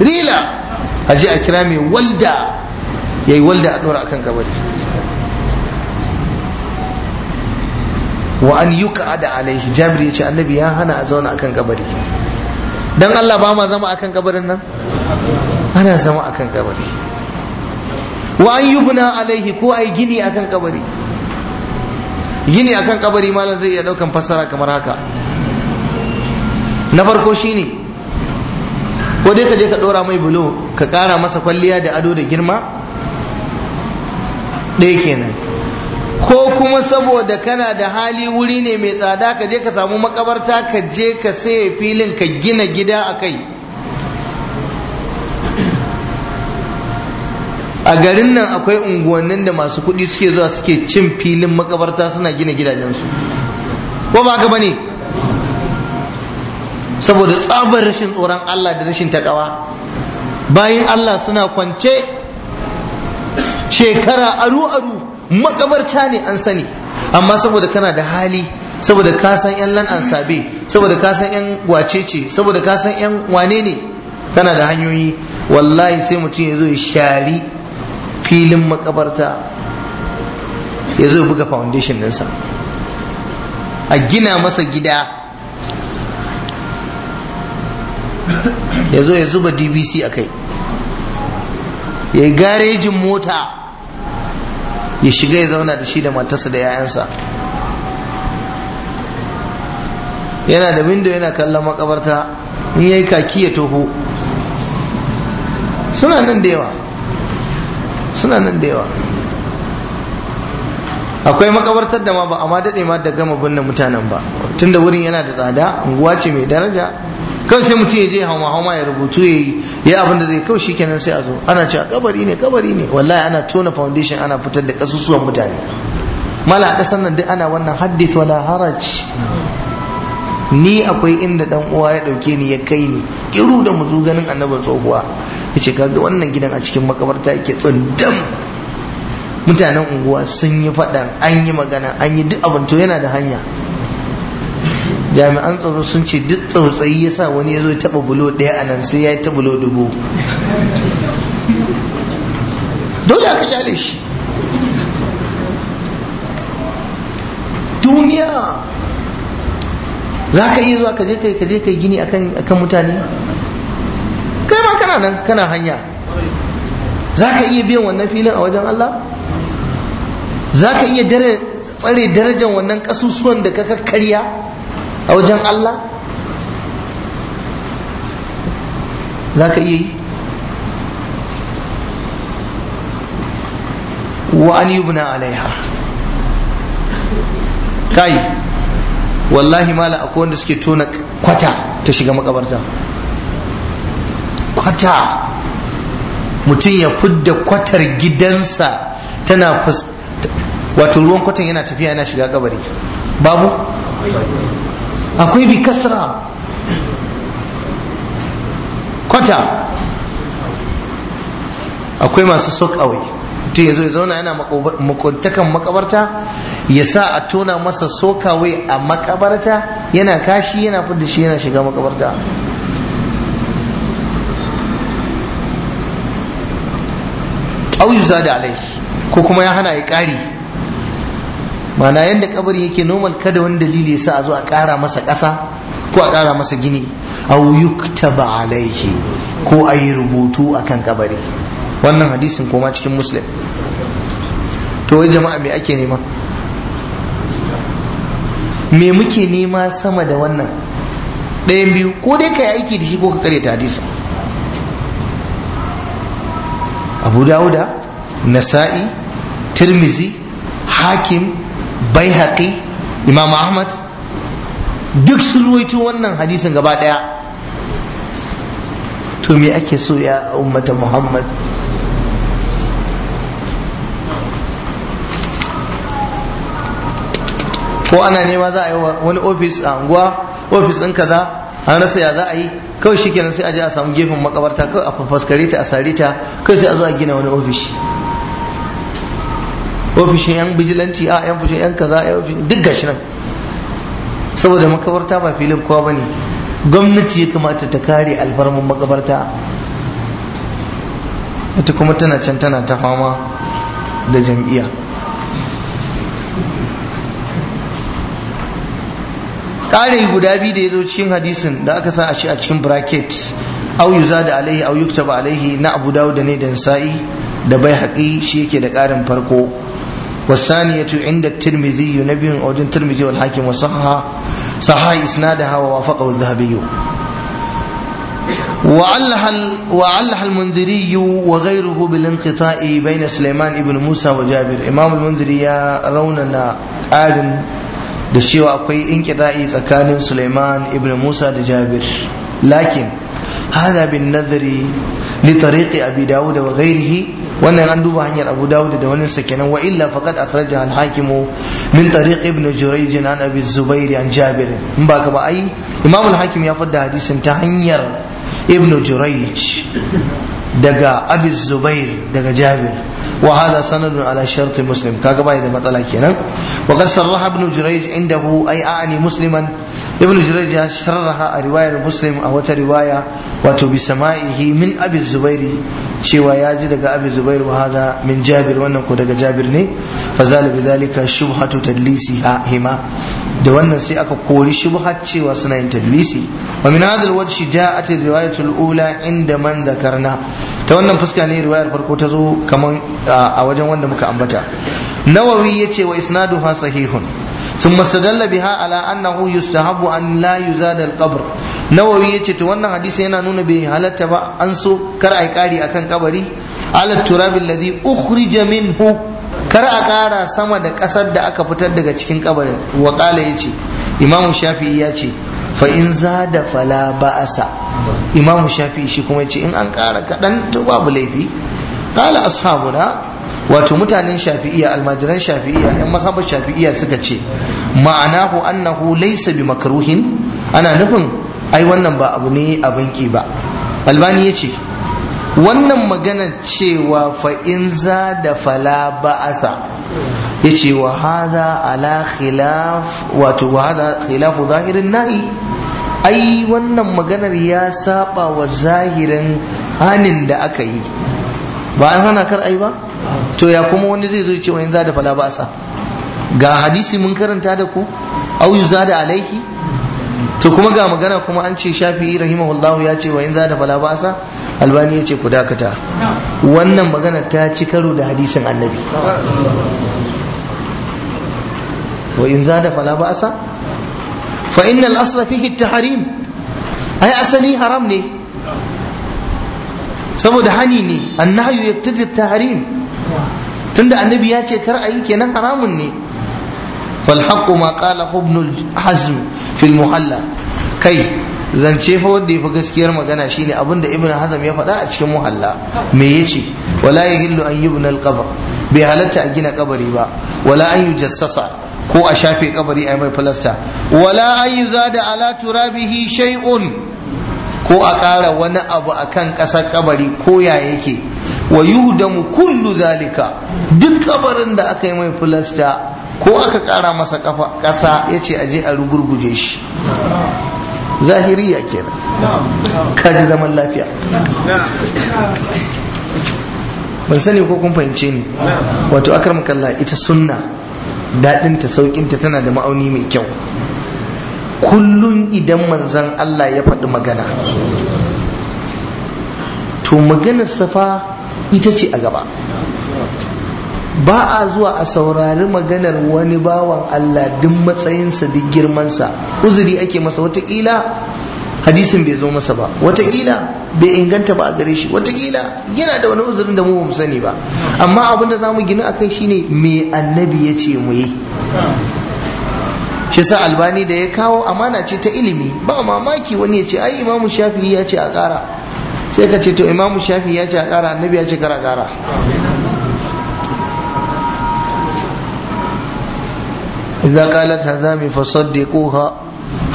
rila a je a kira mai walda ya yi walda a ɗora akan kabari wa an yi ka'ada alaihi jabir ya ce annabi ya hana a zauna akan kabari Don Allah ba ma zama akan kabarin nan ana zama akan kabari wa an yubna alaihi ko ai gini akan kabari gini akan kabari malam zai iya daukan fassara kamar haka na farko shine ko dai ka je ka dora mai bulo ka kara masa kwalliya da ado da girma ɗaya kenan ko kuma saboda kana da hali wuri ne mai tsada ka je ka samu makabarta ka je ka saye filin ka gina gida a a garin nan akwai unguwannin da masu kuɗi suke zuwa suke cin filin makabarta suna gina gidajensu ko ba ka bane saboda tsabar rashin tsoron Allah da rashin takawa bayan Allah suna kwance shekara aru-aru makabarta ne an sani amma saboda kana da hali saboda ka san yan lan ansabe saboda ka san yan wacece saboda ka san yan wane ne kana da hanyoyi wallahi sai mutum ya zo ya shari filin makabarta ya zo buga foundation ɗinsa a gina masa gida ya zo ya zuba dbc a kai ya yi garejin mota ya shiga ya zauna da shi da matarsa da 'ya'yansa yana da windo yana kallon makabarta in ya yi kaki ya toho suna nan da yawa suna nan da yawa akwai makabartar da ma ba amma daɗe ma da gama binne mutanen ba tunda wurin yana da tsada unguwa ce mai daraja kawai sai mutum ya je hauma hauma ya rubutu ya yi ya abin da zai kawai shi kenan sai a zo ana cewa kabari ne kabari ne wallahi ana tona foundation ana fitar da kasusuwan mutane mala a kasar nan duk ana wannan haddis wala haraj ni akwai inda dan uwa ya dauke ni ya kai ni kiru da muzu ganin annabin tsohuwa Ya ce kaga wannan gidan a cikin makabarta yake tsundum mutanen unguwa sun yi faɗan an yi magana an yi duk abin to yana da hanya jami'an tsaro sun ce duk tsautsayi ya sa wani ya zo taba taɓa bulo ɗaya a nan sai ya yi ta bulo dubu dole aka kyale shi duniya za ka iya zuwa ka je ka je kai gini akan mutane kai ma kana nan kana hanya za ka iya biyan wannan filin a wajen Allah za ka iya tsare darajar wannan kasusuwan da ka karya a wajen Allah za ka iya yi wa an yubna alaiha kai wallahi mala akwai wanda suke tona kwata ta shiga makabarta kwata mutum ya fudda kwatar gidansa tana wato ruwan kwatan yana tafiya yana shiga kabari babu akwai bi kasra kwata akwai masu sok away mutum ya zauna yana makuntakan makabarta ya sa a tona masa sokawai a makabarta yana kashi yana fudda shi yana shiga makabarta za da alai ko kuma ya hana ya ƙari mana yadda kabari yake normal kada wani dalili ya sa a zo a kara masa kasa ko a ƙara masa gini aw yuktaba alaihi ko a yi rubutu akan kabari wannan hadisin koma cikin muslim to wai jama'a me ake nema me muke nema sama da wannan ɗayan biyu ko dai ka yi aiki da shi ko ka karyata hadisin abu Dawuda, nasa'i tirmizi hakim bai haƙi imam ahmad duk sun ruwaito wannan hadisin gaba ɗaya to me ake so ya ummata muhammad ko ana nema za a yi wani ofis a unguwa ofis ɗin kaza an rasa ya za a yi kawai shikenan sai a je a samu gefen makabarta kawai a faskare ta a sare ta kawai sai a zo a gina wani ofishi ofishin yan bijilanci a yan fushin yan kaza yan ofishin duk gashi nan saboda makabarta ba filin kowa ba ne gwamnati ya kamata ta kare alfarma makabarta ita kuma tana can tana ta fama da jam'iyya ƙari guda biyu da ya zo cikin hadisin da aka sa a shi a cikin bracket au yuza da alaihi au ba alaihi na abu dawuda ne da sa'i da bai haƙi shi yake da ƙarin farko والثانية عند الترمذي نبي وجن الترمذي والحاكم وصحها صحح إسنادها ووافقه الذهبي وعلح وعلح المنذري وغيره بالانقطاع بين سليمان بن موسى وجابر إمام المنذري يا روننا آدم da cewa akwai inkida'i tsakanin Suleiman ibn Musa da Jabir lakin hadha bin nadri li tariqi Abi Dawud wa ghairihi wannan an duba hanyar abu dawud da wani sa kenan wa illa faqad akhrajaha al-hakimu min tariq ibn jurayj an abi zubair an jabir in ba ka ba ai imam al-hakim ya fadda hadisin ta hanyar ibn jurayj daga abi zubair daga jabir wa hada sanadun ala sharti muslim kaga bai da matsala kenan wa qad sarraha ibn jurayj indahu ai ne musliman ibn jurayj ya sharraha a riwayar muslim a wata riwaya wato bi sama'ihi min abi zubairi cewa ya ji daga abi zubair wa hada min jabir wannan ko daga jabir ne fa zalu bi dalika shubhatu ha hima da wannan sai aka kori shubhat cewa suna yin tadlisi wa min hadal wajhi ja'at riwayatu al-ula inda man karna. ta wannan fuska ne riwayar farko ta zo kaman a wajen wanda muka ambata nawawi yace wa isnaduha sahihun ثم استدل بها على انه يستحب ان لا يزاد القبر nawawi ya ce to wannan hadisi yana nuna bai halatta ba an so kar a yi kari kan kabari ala turabin ladhi ukhrija minhu kar a kara sama da kasar da aka fitar daga cikin kabarin wa qala yace imam shafi'i ya ce fa in zada fala ba'asa imam shafi'i shi kuma yace in an kara kaɗan to babu laifi qala ashabuna wato mutanen shafi'iya almajiran shafi'iya yan mazhabar shafi'iya suka ce ma'anahu annahu laysa bi makruhin ana nufin ai wannan ba abu ne abin ki ba albani ya ce wannan magana cewa fa in za da fala ba'asa ya ce wa hada ala khilaf wato wa hada khilafu zahirin na'i ai wannan maganar ya saba wa zahirin hanin da aka yi ba an hana kar ai ba to ya kuma wani zai zo ya ce wa yanzu da fala ba sa ga hadisi mun karanta da ku au da alaihi to kuma ga magana kuma an ce shafi'i rahimahullahu ya ce wa yanzu da fala sa albani ya ce ku dakata wannan magana ta ci karo da hadisin annabi wa in za da fala basa fa innal asla fihi tahrim ai asali haram ne saboda hani ne annahyu yaqtadi tahrim tunda annabi ya ce kar a yi kenan haramun ne qala ibn al hazm fi al muhalla Kai zance fa wanda yafi gaskiyar magana shine abin da ibn hazm ya faɗa a cikin muhalla me yace wala yahillu an yubna al-qabr bai halatta a gina kabari ba wala an yujassasa ko a shafe kabari a mai filasta wala an yuzada ala turabihi shay'un ko a ƙara wani abu akan ƙasar kabari ko ya yake wa yuhdamu kullu zalika duk kabarin da aka yi mai filasta ko aka kara masa kafa kasa yace aje a rugurguje shi zahiriya kenan kaji zaman lafiya ban sani ko kun fahimce ni wato akram kallah ita sunna daɗinta sauƙinta tana da ma'auni mai kyau kullum idan manzan Allah ya faɗi magana to maganar safa ita ce a gaba ba a zuwa a saurari maganar wani bawan Allah duk matsayinsa duk girmansa uzuri ake masa wataƙila hadisin bai zo masa ba watakila bai inganta ba a gare shi watakila yana da wani uzurin da mu ba mu sani ba amma abin da za mu gina akai shine me annabi ya ce mu yi shi sa albani da ya kawo amana ce ta ilimi ba mamaki wani ya ce ai imamu shafi'i ya ce a ƙara sai ka ce to imamu shafi ya ce a kara annabi ya ce kara kara إذا قالت هزامي فصدقوها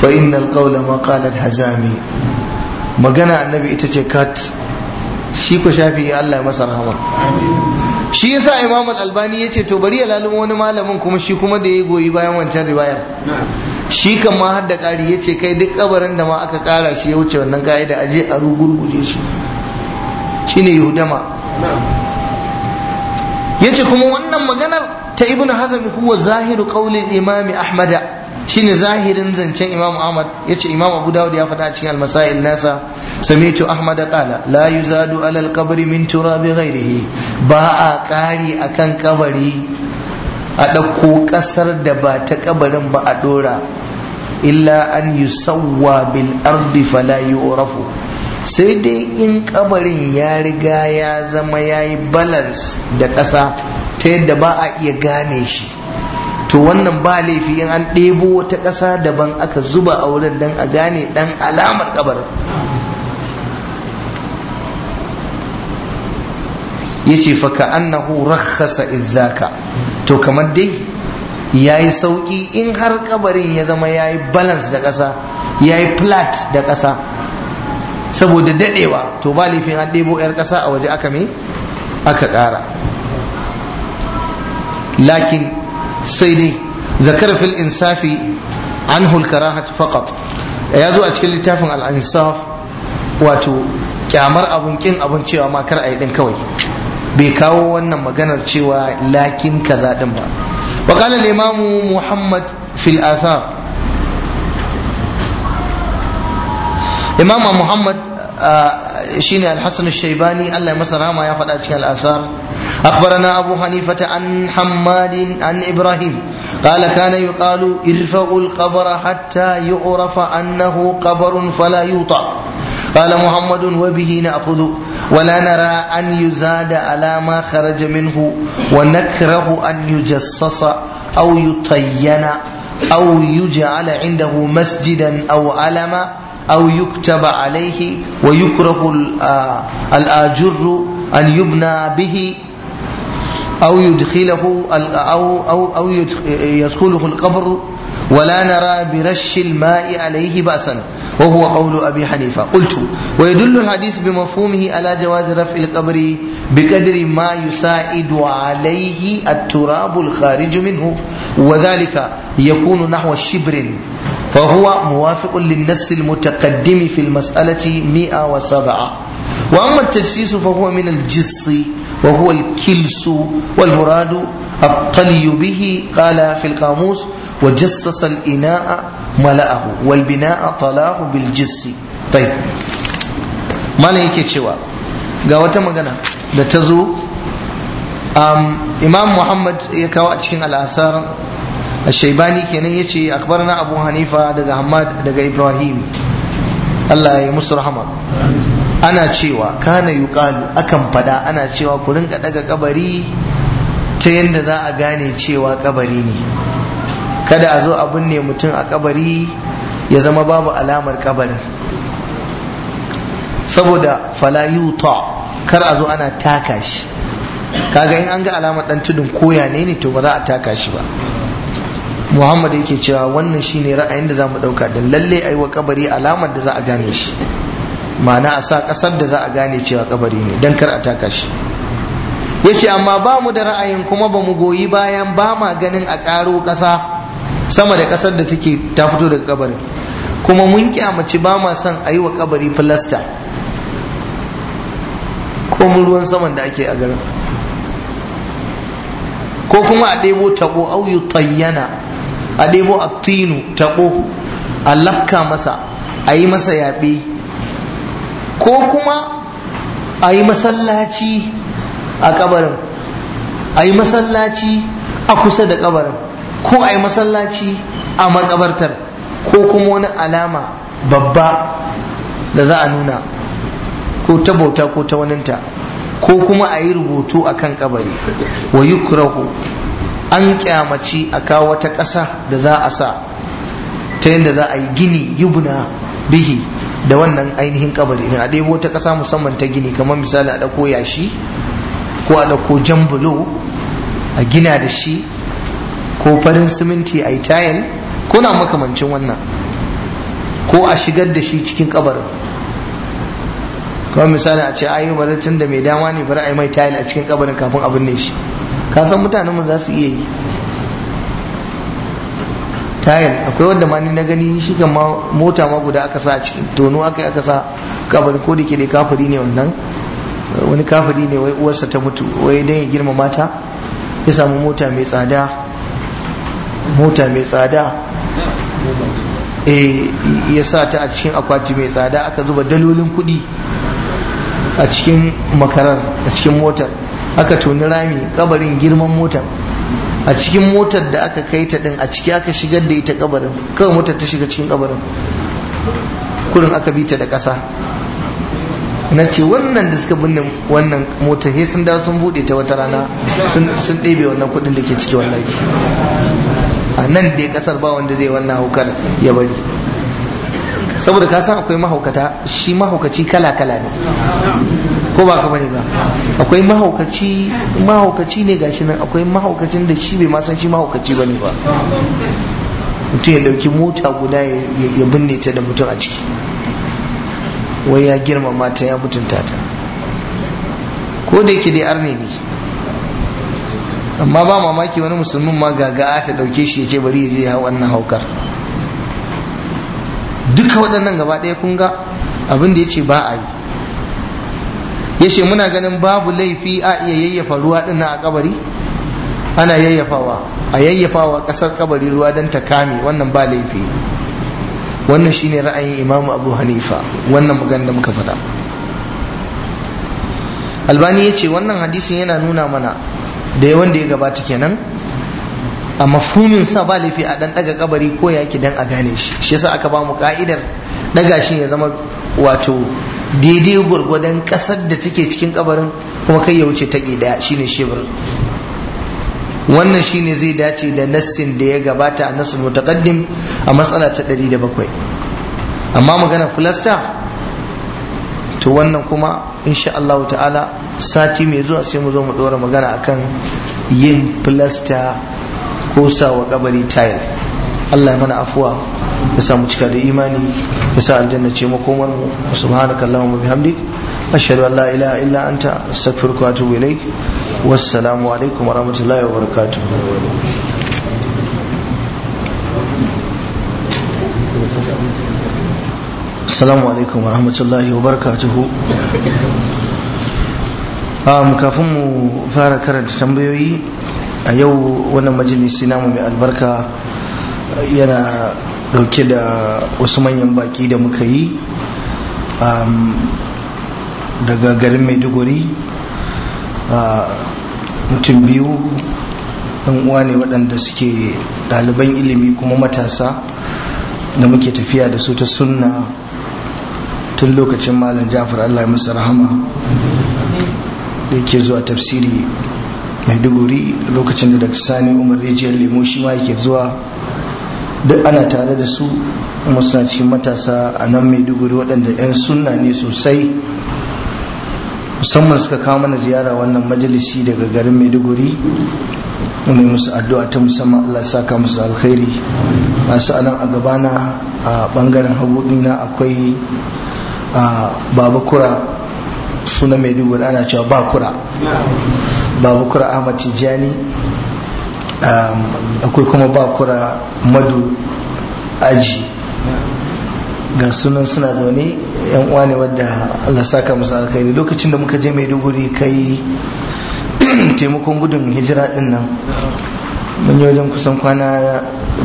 فإن القول ma قالت hazami magana annabi ita ce kat shi ku shafi Allah ya masa rahama shi yasa Imam Al-Albani yace to bari ya lalumo wani malamin kuma shi kuma da ya goyi bayan wancan riwayar shi kan ma har da ƙari ya ce kai duk kabarin da ma aka ƙara shi ya wuce wannan ka'ida aje a rugurguje shi shi shine yudama ce kuma wannan maganar ta ibnu hazm huwa zahiru qawli imam ahmada shine zahirin zancen imam ahmad yace imam abu dawud ya faɗa cikin al-masail nasa samitu ahmad qala la yuzadu ala al-qabri min turabi ghayrihi ba a ƙari akan kabari a ɗauko ƙasar da ba ta kabarin ba a ɗora illa an yi yusawwa bil ardi fala yu'rafu sai dai in kabarin ya riga ya zama ya yi balance da ƙasa ta yadda ba a iya gane shi to wannan ba laifi in an ɗebo wata ƙasa daban aka zuba a wurin don a gane ɗan alamar kabarin yace fa ka annahu rakhasa idzaka to kamar dai ya yi sauƙi in har kabarin ya zama ya yi balance da ƙasa ya yi flat da ƙasa saboda daɗewa to ba laifin an ɗebo 'yar ƙasa a waje aka mai aka ƙara lakin sai dai zakar fil insafi an hulkarahat faqat ya zo a cikin littafin al wato kyamar abun kin abun cewa ma a yi din kawai bai kawo wannan maganar cewa lakin kaza ɗin ba وقال الإمام محمد في الآثار إمام محمد شيني الحسن الشيباني الله مسرها ما يفعل أشياء الآثار أخبرنا أبو حنيفة عن حماد عن إبراهيم قال كان يقال ارفعوا القبر حتى يعرف أنه قبر فلا يوطأ قال محمد وبه نأخذ ولا نرى أن يزاد على ما خرج منه ونكره أن يجصص أو يطين أو يجعل عنده مسجدا أو علما أو يكتب عليه ويكره الآجر أن يبنى به أو يدخله أو أو أو يدخله القبر ولا نرى برش الماء عليه بأسا وهو قول أبي حنيفة قلت ويدل الحديث بمفهومه على جواز رفع القبر بقدر ما يساعد عليه التراب الخارج منه وذلك يكون نحو الشبر فهو موافق للنص المتقدم في المسألة 107 وأما التجسيس فهو من الجص وهو الكلس والمراد الطلي به قال في القاموس وجصص الإناء ملأه والبناء طلاه بالجس طيب ما yake cewa ga wata magana da ta zo imam muhammad ya kawo a cikin al'asar shaibani kenan ya ce akbarna abu hanifa daga hamad daga ibrahim allah ya musu rahama ana cewa kana yuqalu akan faɗa, ana cewa ku rinka ɗaga ƙabari ta yadda za a gane cewa ƙabari ne kada a zo a ne mutum a kabari ya zama babu alamar kabarin saboda falayuta kar a zo ana taka shi kaga in an ga alamar dan tudun koya ne ne to ba za a taka shi ba muhammad yake cewa wannan shi ne ra'ayin da za mu ɗauka da lalle a wa kabari alamar da za a gane shi ma'ana a sa ƙasar da za a gane cewa kabari ne don kar a taka shi ya ce amma ba mu da ra'ayin kuma ba mu goyi bayan ba ma ganin a ƙaro ƙasa sama da kasar da take ta fito daga kabarin kuma mun kyamaci ba ma son a yi wa kabari filasta ko mun ruwan saman da ake a garin ko kuma a ɗebo taɓo auyu tayyana a ɗebo a tinu taɓo a lafka masa a yi masa yaɓe ko kuma a yi masallaci a kabarin a yi masallaci a kusa da kabarin ko a yi masallaci a makabartar ko kuma wani alama babba da za a nuna ko ta bauta ko ta waninta ko kuma a yi rubutu a kan kabari wa an kyamaci a kawo wata ƙasa da za a sa ta yadda za a yi gini yubna bihi da wannan ainihin kabari ne a ɗebo ta ƙasa musamman ta gini kamar misali a ɗauko yashi ko a ɗauko jan bulo a gina da shi ko farin siminti a yi tayil ko na makamancin wannan ko a shigar da shi cikin kabarin kuma misali a ce a yi baratin da mai dama ne bari a yi mai tayil a cikin kabarin kafin abin ne shi ka san mutanen mu za su iya yi tayil akwai wanda ma ni na gani shi ga mota ma guda aka sa a cikin tono aka yi aka sa kabari ko da ke da kafiri ne wannan wani kafiri ne wai uwarsa ta mutu wai dan ya girma mata ya samu mota mai tsada mota mai tsada eh, ya sa ta a cikin akwati mai tsada aka zuba dalolin kuɗi a cikin makarar a cikin motar aka toni rami kabarin girman motar a cikin motar da aka kai ta din a ciki aka shigar da ita kabarin kawai motar ta shiga cikin kabarin kurin aka bi ta da ƙasa na ce wannan da suka binne wannan motar he sun sun buɗe ta wata rana sun ɗebe wannan kuɗin da ke ciki wallahi a nan dai kasar ba wanda zai wannan haukar ya bari saboda ka san akwai mahaukata shi mahaukaci kala kala ne ko ba ka bane ba akwai mahaukaci mahaukaci ne gashi nan akwai mahaukacin da shi bai ma san shi mahaukaci bane ba mutum ya dauki mota guda ya binne ta da mutum a ciki wai ya girmama ta ya mutunta ta ko da yake dai arne ne amma ba mamaki wani musulmin ma gaga ta dauke shi ya ce bari ya je ya wannan haukar duka waɗannan gaba ɗaya kun ga abin da ya ce ba a yi ya ce muna ganin babu laifi a iya yayyafa ruwa ɗin a kabari ana yayyafawa a yayyafawa ƙasar kabari ruwa don ta kame wannan ba laifi wannan shine ra'ayin imamu abu hanifa wannan magana da muka faɗa albani ya ce wannan hadisin yana nuna mana da ya wanda ya gabata kenan a mafumin sa ba laifi a dan daga kabari ko yaki dan a gane shi shi yasa aka ba mu ka'idar daga shi ya zama wato daidai gwargwadon kasar da take cikin kabarin kuma kai ya wuce ta daya shine shebur wannan shine zai dace da nassin da ya gabata a nassin mutaqaddim a matsala ta 107 amma magana filasta to wannan kuma insha Allah ta'ala sati mai zuwa sai mu zo mu ɗora magana akan yin filasta ko sawa kabari tile Allah ya mana afuwa ya samu cika da imani ya sa aljanna ce makomar mu subhanaka allahumma bihamdik ashhadu an la ilaha illa anta astaghfiruka wa atubu ilaik wassalamu alaikum wa rahmatullahi wa barakatuh assalamu alaikum wa rahmatullahi wa barakatuh Um, kafin mu fara karanta tambayoyi a yau wannan majalisi namu mai albarka yana dauke da wasu manyan baki da muka yi um, daga garin maiduguri uh, mutum biyu uwa ne waɗanda suke ɗaliban ilimi kuma matasa da muke tafiya da su ta sunna tun lokacin malam jafar allah ya rahama da yake zuwa tafsiri maiduguri lokacin da daga sani umar rijiyar lemo shi ma yake zuwa duk ana tare da su suna cikin matasa a nan maiduguri waɗanda 'yan sunna ne sosai musamman suka kawo mana ziyara wannan majalisi daga garin maiduguri mai musu addu'a ta musamman allah sa ka musu alkhairi masu anan a gabana a bangaren hagu ɗina akwai baba kura suna maiduguri ana cewa ba kura babu kura ahmad tijjani um, akwai kuma ba kura madu aji ga sunan suna zaune yan uwa ne wadda Allah saka musu alkhairi lokacin da muka je maiduguri kai taimakon gudun hijira din nan mun yi wajen kusan kwana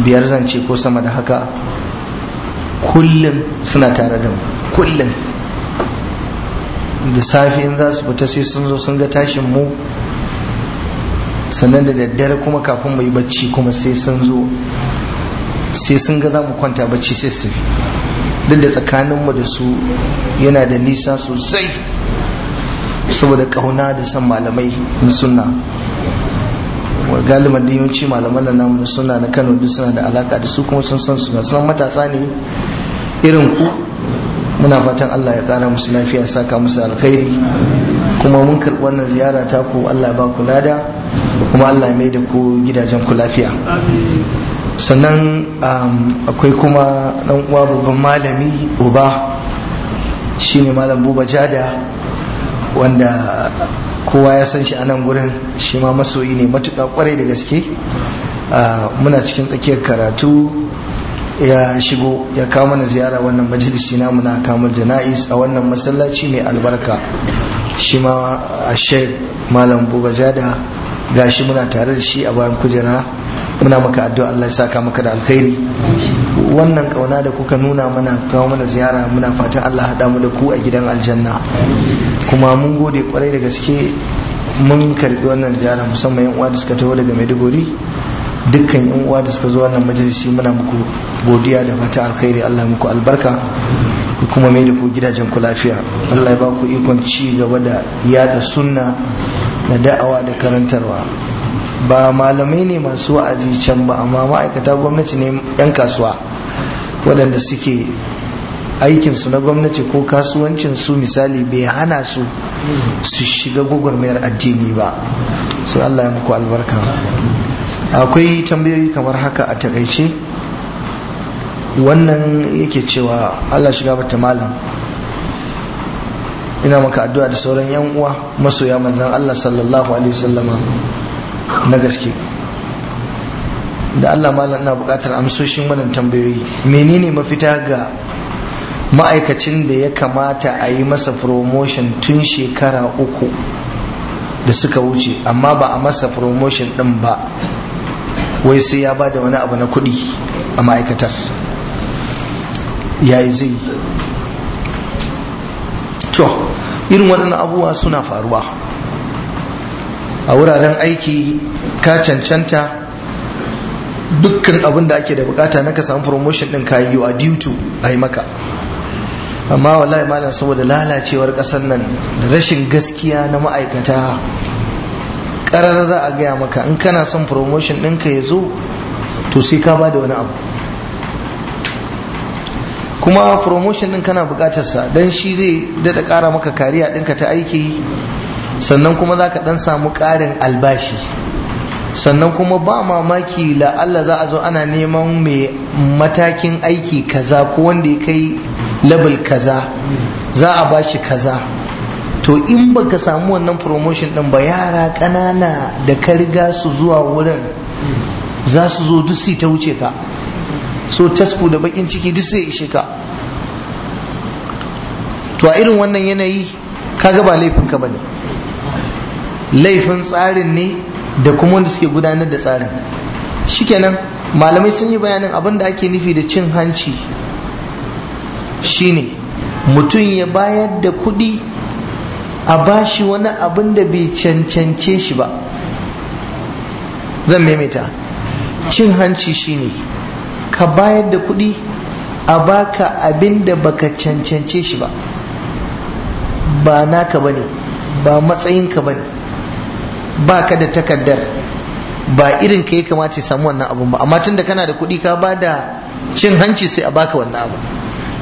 biyar zance ko sama da haka kullum suna tare da mu kullum da safe in za su fita sai sun zo sun ga tashin mu sannan da daddare kuma kafin mu yi bacci kuma sai sun zo sai sun ga za mu kwanta bacci sai su tafi duk da tsakaninmu da su yana da nisa sosai saboda kauna da san malamai na sunna wa galiban da yawanci malaman nan namu na sunna na Kano duk suna da alaka da su kuma sun san su ga sun matasa ne irin ku muna fatan Allah ya kara musu lafiya saka musu alkhairi kuma mun karɓi wannan ziyara ta ku Allah ba ku lada kuma Allah mai da ku gidajen ku lafiya sannan um, akwai kuma dan uwa babban malami uba shine malam buba jada wanda kowa ya san shi a nan gurin shi ma masoyi ne matuƙa kwarai da gaske uh, muna cikin tsakiyar karatu ya shigo ya kawo mana ziyara wannan majalisi na muna kamar jana'is a wannan masallaci mai albarka shi ma a sheik malam buba jada ga shi muna tare da shi a bayan kujera muna maka addu'a Allah ya saka maka da alkhairi wannan kauna da kuka nuna mana kawo mana ziyara muna fatan Allah haɗa mu da ku a gidan aljanna kuma mun gode kwarai da gaske mun karɓi wannan ziyara musamman yan uwa da suka taho daga Maiduguri dukkan yan uwa da suka zo wannan majalisi muna muku godiya da fata alkhairi Allah muku albarka kuma mai da ku gidajen ku lafiya Allah ya ba ku ikon ci gaba da yada sunna na da'awa da karantarwa ba malamai ne masu wa'azi can ba amma ma'aikata gwamnati ne yan kasuwa waɗanda suke aikinsu na gwamnati ko kasuwancin su misali bai hana su su shiga gwagwarmayar addini ba su Allah ya muku albarka akwai tambayoyi kamar haka a takaice wannan yake cewa allah shiga mata malam ina maka addu'a da sauran yan uwa masoya manzan allah sallallahu alaihi wasallama na gaske da allah malam na bukatar amsoshin wannan tambayoyi menene mafita ga ma'aikacin da ya kamata a yi masa promotion tun shekara uku da suka wuce amma ba a masa promotion din ba wai sai ya bada wani abu na kuɗi a ma'aikatar yayi zai to irin waɗannan abubuwa suna faruwa a wuraren aiki ka cancanta dukkan abin da ake da bukata na ka samu promotion din ka A due to a yi maka amma wallahi malam saboda lalacewar ƙasar nan da rashin gaskiya na ma'aikata karar za a gaya maka in kana son promotion ɗinka ya zo to sai ka ba da wani abu kuma promotion ɗin kana sa don shi zai daɗa ƙara maka kariya ɗinka ta aiki sannan kuma za ka ɗan samu ƙarin albashi sannan kuma ba mamaki la Allah za a zo ana neman mai matakin aiki kaza ko wanda ya kai level kaza za a bashi shi kaza to in baka samu wannan promotion din ba yara kanana da ka riga su zuwa wurin za su zo duk su ta wuce ka so tasku da bakin ciki duk sai ishe ka to a irin wannan yanayi kaga ba laifin ka bane laifin tsarin ne da kuma wanda suke gudanar da tsarin shikenan malamai sun yi bayanin abin da ake nufi da cin hanci shine mutum ya bayar da kuɗi a bashi wani abin da bai cancance shi ba zan maimaita cin hanci shine ka bayar da kuɗi a baka abin da baka cancance shi ba ba naka bane ba matsayinka bane ba ka da takaddar ba irin ka ya kamata samu wannan abun ba amma tunda kana da kuɗi ka ba da cin hanci sai a baka wannan abu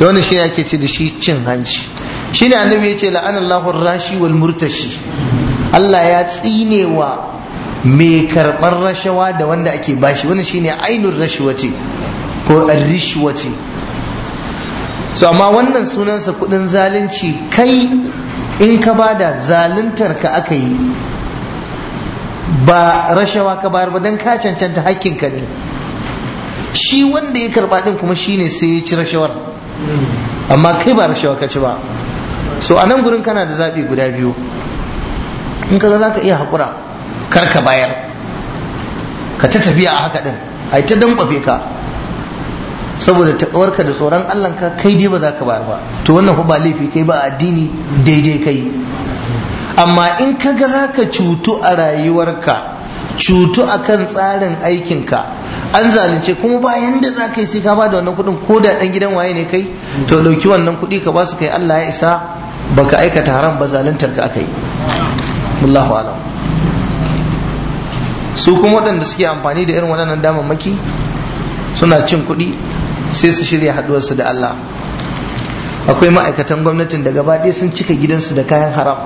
da wani shi ake ce da shi cin hanci shine annabi yace la'anallahu ar-rashi wal murtashi Allah ya tsinewa mai karɓar rashawa da wanda ake bashi wannan shine ainul rashwati ko ar-rishwati so amma wannan sunansa kudin zalunci kai in ka bada zaluntar ka aka yi ba rashawa ka bayar ba dan ka cancanta hakkinka ne shi wanda ya karba din kuma shine sai ya ci rashawar amma kai ba rashawa ka ci ba so a nan gurin kana da zaɓi guda biyu in ka za iya haƙura kar ka bayar ka ta tafiya a haka ɗin a ta danƙwafe ka saboda taɓawarka da tsoron allah ka kai dai ba za ka bayar ba to wannan ba laifi kai ba addini daidai kai amma in ka ga za ka cutu a rayuwarka cutu a kan tsarin aikinka an zalunce kuma bayan da za ka yi sai ka ba da wannan kuɗin ko da ɗan gidan waye ne kai to ɗauki wannan kuɗi ka ba su kai Allah ya isa baka aikata haram ba zaluntar ka aka yi wallahu alam su kuma waɗanda suke amfani da irin waɗannan damammaki suna cin kuɗi sai su shirya haɗuwarsu da Allah akwai ma'aikatan gwamnatin da gaba ɗaya sun cika gidansu da kayan haram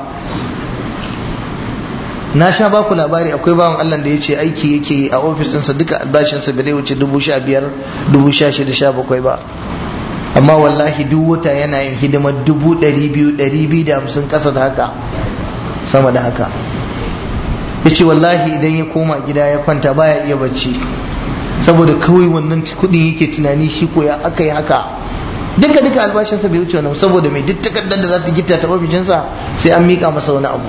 na sha ba ku labari akwai bawan Allah da ya ce aiki yake a ofis ɗinsa duka albashinsa bai wuce dubu sha biyar dubu sha shida sha bakwai ba amma wallahi duk wata yana yin hidimar dubu ɗari biyu ɗari biyu da hamsin ƙasa da haka sama da haka ya ce wallahi idan ya koma gida ya kwanta baya iya bacci saboda kawai wannan kuɗin yake tunani shi ko ya aka yi haka duka duka albashinsa bai wuce wannan saboda mai duk takardar da za ta gita ta ofishinsa sai an miƙa masa wani abu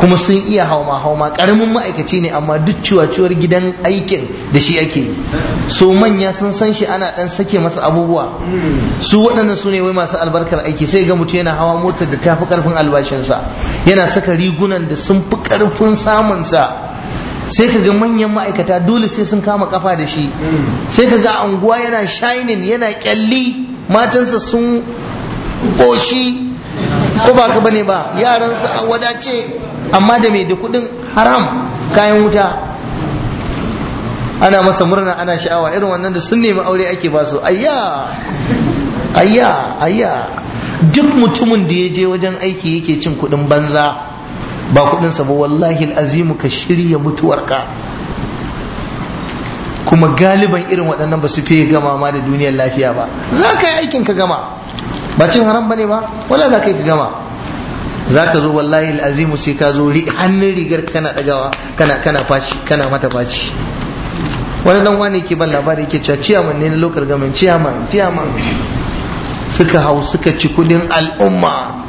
kuma sun iya hauma hauma karamin ma'aikaci ne amma duk ciwaciwar gidan aikin da shi ake yi so manya sun san shi ana dan sake masa abubuwa su waɗannan su ne wai masu albarkar aiki sai ga mutum yana hawa motar da ta fi karfin albashinsa yana saka rigunan da sun fi karfin samunsa sai ka ga manyan ma'aikata dole sai sun kama kafa da shi sai ka ga anguwa yana shining yana kyalli matansa sun ƙoshi ko ba ka bane ba yaransa a wadace amma da mai da kuɗin haram kayan wuta ana masa murna ana sha'awa irin wannan da sun nemi aure ake ba su ayya ayya ayya duk mutumin da ya je wajen aiki yake cin kuɗin banza ba kudin sa ba wallahi azimu ka shirya mutuwarka kuma galiban irin waɗannan ba su fiye gama ma da duniyar lafiya ba za ka yi aikin ka gama ba cin haram bane ba wala za ka yi ka gama za ka zo wallahi al'azimu sai ka zo hannun rigar kana dagawa kana kana fashi kana mata fashi wani dan wani ke ban labari ke cewa ciyaman ne na lokar gamin ciyaman ciyaman suka hau suka ci kudin al'umma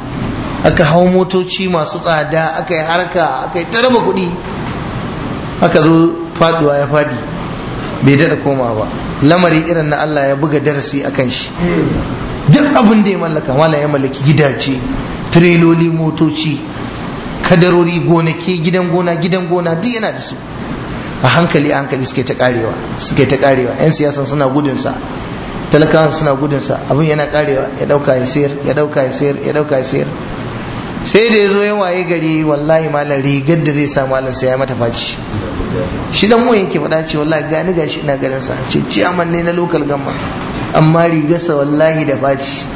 aka hau motoci masu tsada aka yi harka aka yi tarama kudi. aka zo faduwa ya fadi bai daɗa koma ba lamari irin na Allah ya buga darasi akan shi duk abin da ya mallaka Wala ya mallaki gidaje tireloli motoci kadarori gonaki gidan gona gidan gona duk yana da su a hankali a hankali suke ta karewa suke ta karewa yan siyasan suna gudunsa talakawa suna gudunsa abin yana karewa ya dauka ya sayar ya dauka ya sayar ya dauka ya sayar sai da ya zo ya waye gari wallahi malam rigar da zai sa malam sai ya mata faci shi dan mu yake faɗa ce wallahi gani gashi ina ganin sa ce ciyaman ne na local gamma amma rigarsa wallahi da faci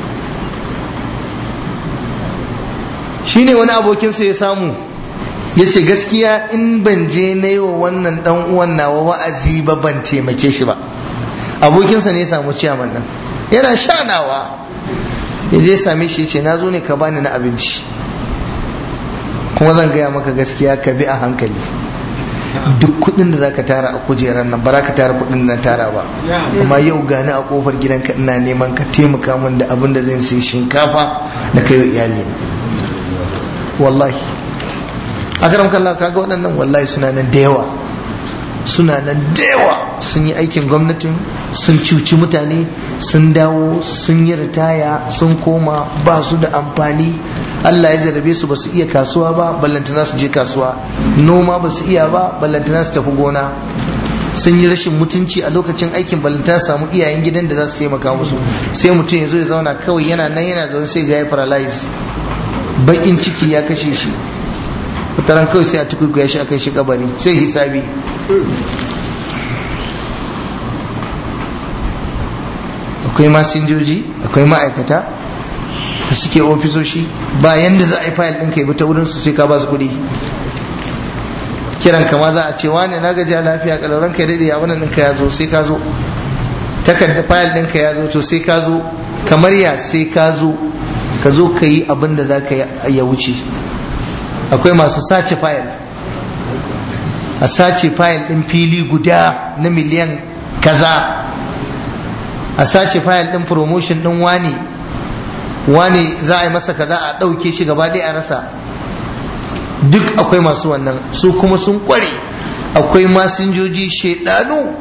ne wani abokinsa ya samu ya ce gaskiya in ban je na yi wa wannan dan uwan nawa wa'azi ba ban taimake shi ba abokinsa ne ya samu ciyaman nan yana shanawa ya je same shi ce na zo ne ka bani na abinci kuma zan gaya maka gaskiya ka bi a hankali duk kuɗin da zaka tara a kujerar nan ba za ka tara kuɗin da tara ba amma yau gani a kofar gidanka ina neman ka taimaka min da abin da zan sai shinkafa da kai iyali iyali wallahi a karam kallon kaga waɗannan wallahi suna nan da yawa suna nan da yawa sun yi aikin gwamnatin sun cuci mutane sun dawo sun yi ritaya sun koma ba su da amfani Allah ya jarabe su ba su iya kasuwa ba ballantana su je kasuwa noma ba su iya ba ballantana su tafi gona sun yi rashin mutunci a lokacin aikin ballantana samu iyayen gidan da za su taimaka musu sai mutum ya zo ya zauna kawai yana nan yana zaune sai ga ya paralyze bakin ciki ya kashe shi wataran kawai sai a tukurku ya shi akai shi kabari sai hisabi akwai masinjoji akwai ma'aikata da suke ofisoshi ba yanda za a yi fayil ɗin kai bi ta wurin su sai ka ba su kuɗi kiran kama za a ce wane na gaji lafiya kalauran kai daidai ya wannan ka ya zo sai ka zo takarda fayil ɗin ka ya zo to sai ka zo kamar ya sai ka zo ka zo ka yi abin da za ka ya wuce akwai masu sace fayil a sace fayil ɗin fili guda na miliyan kaza a sace fayil ɗin promotion ɗin wani wani za a yi masa kaza a ɗauke shi gaba ɗaya a rasa duk akwai masu wannan su kuma sun ƙware. akwai masinjoji shaidanu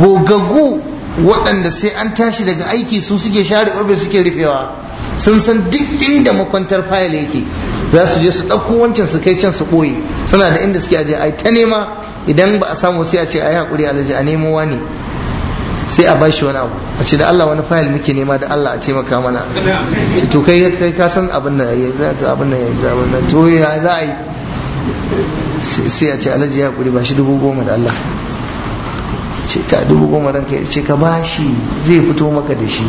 gogagu waɗanda sai an tashi daga aiki su suke share ofis suke rufewa sun san duk inda makwantar fayil yake za su je su ɗauko wancan su kai can su ɓoye suna da inda suke aje ai ta nema idan ba a samu sai a ce ai haƙuri alaji a nemo wani sai a bashi wani abu a ce da Allah wani fayil muke nema da Allah a taimaka mana ce to kai kai ka san abin da ya za abin da ya abin da to ya za a yi sai a ce alaji ya haƙuri ba shi dubu goma da Allah ce ka dubu goma ranka ya ce ka bashi zai fito maka da shi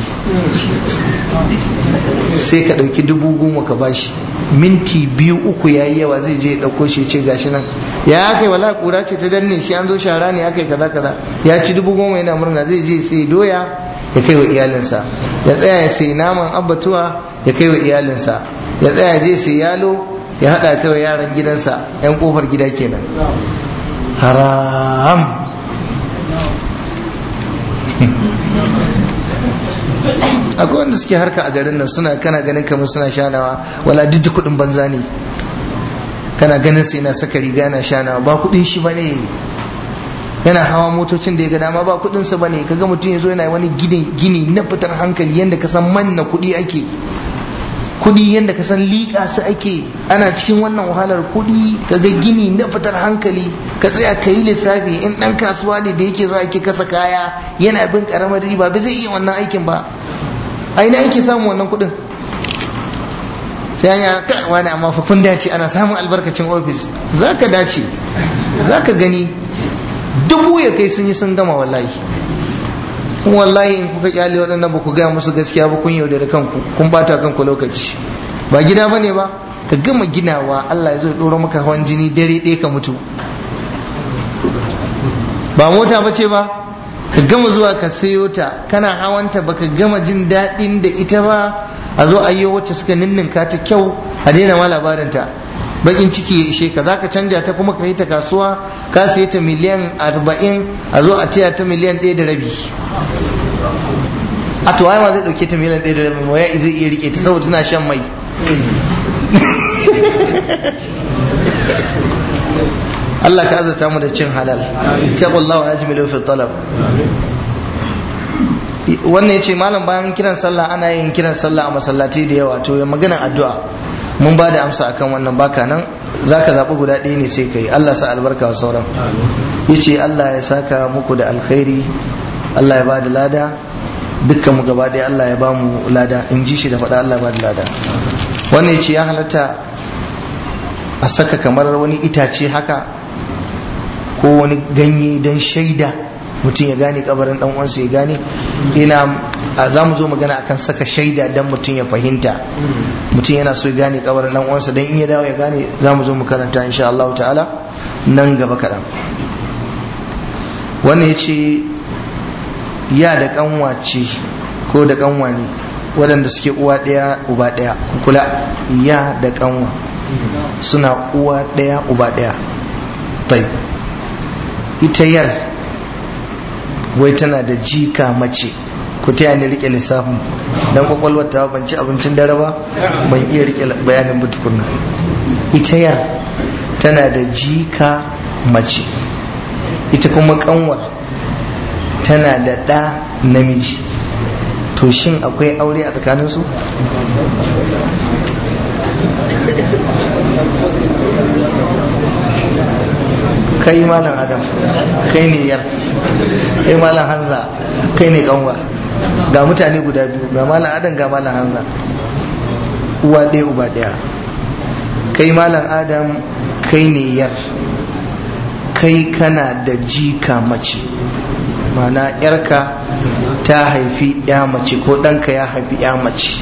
sai ka ɗauki dubu goma ka bashi minti biyu uku ya yi yawa zai je ya ɗauko shi ce gashi nan ya kai wala kura ce ta danne shi an zo shara ne aka yi kaza kaza ya ci dubu goma yana murna zai je sai doya ya kai wa iyalinsa ya tsaya ya sai naman abbatuwa ya kai wa iyalinsa ya tsaya je sai yalo ya haɗa kai wa yaran gidansa 'yan kofar gida kenan haram akwai wanda suke harka a garin nan suna kana ganin kamar suna shanawa wala duk kudin banza ne kana ganin sai na saka riga na shanawa ba kudin shi bane yana hawa motocin da ya gada dama ba kudin sa bane kaga mutum yazo yana wani gini gini na fitar hankali yanda ka san manna kudi ake kuɗi yadda ka san liƙa su ake ana cikin wannan wahalar kuɗi ka ga gini na fitar hankali ka tsaya ka yi lissafi in ɗan kasuwa ne da yake zuwa ake kasa kaya yana bin ƙaramar riba ba zai iya wannan aikin ba a ina yake samun wannan kuɗin sai an yi wani amma fafin dace ana samun albarkacin ofis za ka dace za ka gani dubu ya kai sun yi sun gama wallahi kun wallahi in kuka kyale waɗannan ba ku gaya musu gaskiya ba kun yaudare kanku kun bata kanku lokaci ba gida bane ba ka gama ginawa Allah ya zo ɗora maka hawan jini dare ɗaya ka mutu ba mota ba ce ba ka gama zuwa ka sayo ta kana hawanta ka gama jin daɗin da ita ba a zo ayyo wacce suka ninninka ta kyau a daina ma labarin ta. bakin ciki ya ishe ka zaka canja ta kuma ka yi ta kasuwa ka sai ta miliyan arba'in a zo a taya ta miliyan ɗaya da rabi a to ma zai ɗauke ta miliyan ɗaya da rabi ya zai iya rike ta saboda tana shan mai Allah ka azurta mu da cin halal taqullahu ajmilu fi talab wannan yace malam bayan kiran sallah ana yin kiran sallah a masallati da yawa to ya maganar addu'a mun ba da amsa akan wannan baka nan za ka zaɓi guda ɗaya ne sai ka yi Allah sa albarka wa sauran ya ce Allah ya saka muku da alkhairi Allah ya ba da lada dukkan mu gaba ɗaya Allah ya ba mu lada in ji shi da faɗa Allah ya ba da lada wannan ya ce ya halatta a saka kamar wani itace haka ko wani ganye don shaida mutum ya gane kabarin dan uwansa ya gane ina za mu zo magana akan saka shaida dan mutum ya fahimta mutum yana so ya gane kabarin dan uwansa dan in ya dawo ya gane za mu zo mu karanta insha Allah ta'ala nan gaba kaɗan wannan yace ce ya da kanwace ko da kanwa ne waɗanda suke uwa ɗaya uba ɗaya kula ya da kanwa suna uwa ɗaya uba ɗaya ita yar wai tana da jika mace ku taya ni rike lissafin dan kwakwalwar ta ban ci abincin dare ba ban iya rike bayanin ba nan ita ya tana da jika mace ita kuma kanwar tana da ɗa namiji to shin akwai aure a tsakanin su kai malam adam kai ne yar kai malam hanza kai ne kanwa ga mutane guda biyu ga malam adam ga malam hanza uwa ɗaya uba ɗaya kai malam adam kai ne yar kai kana da jika mace mana yarka ta haifi ya mace ko ɗanka ya haifi ya mace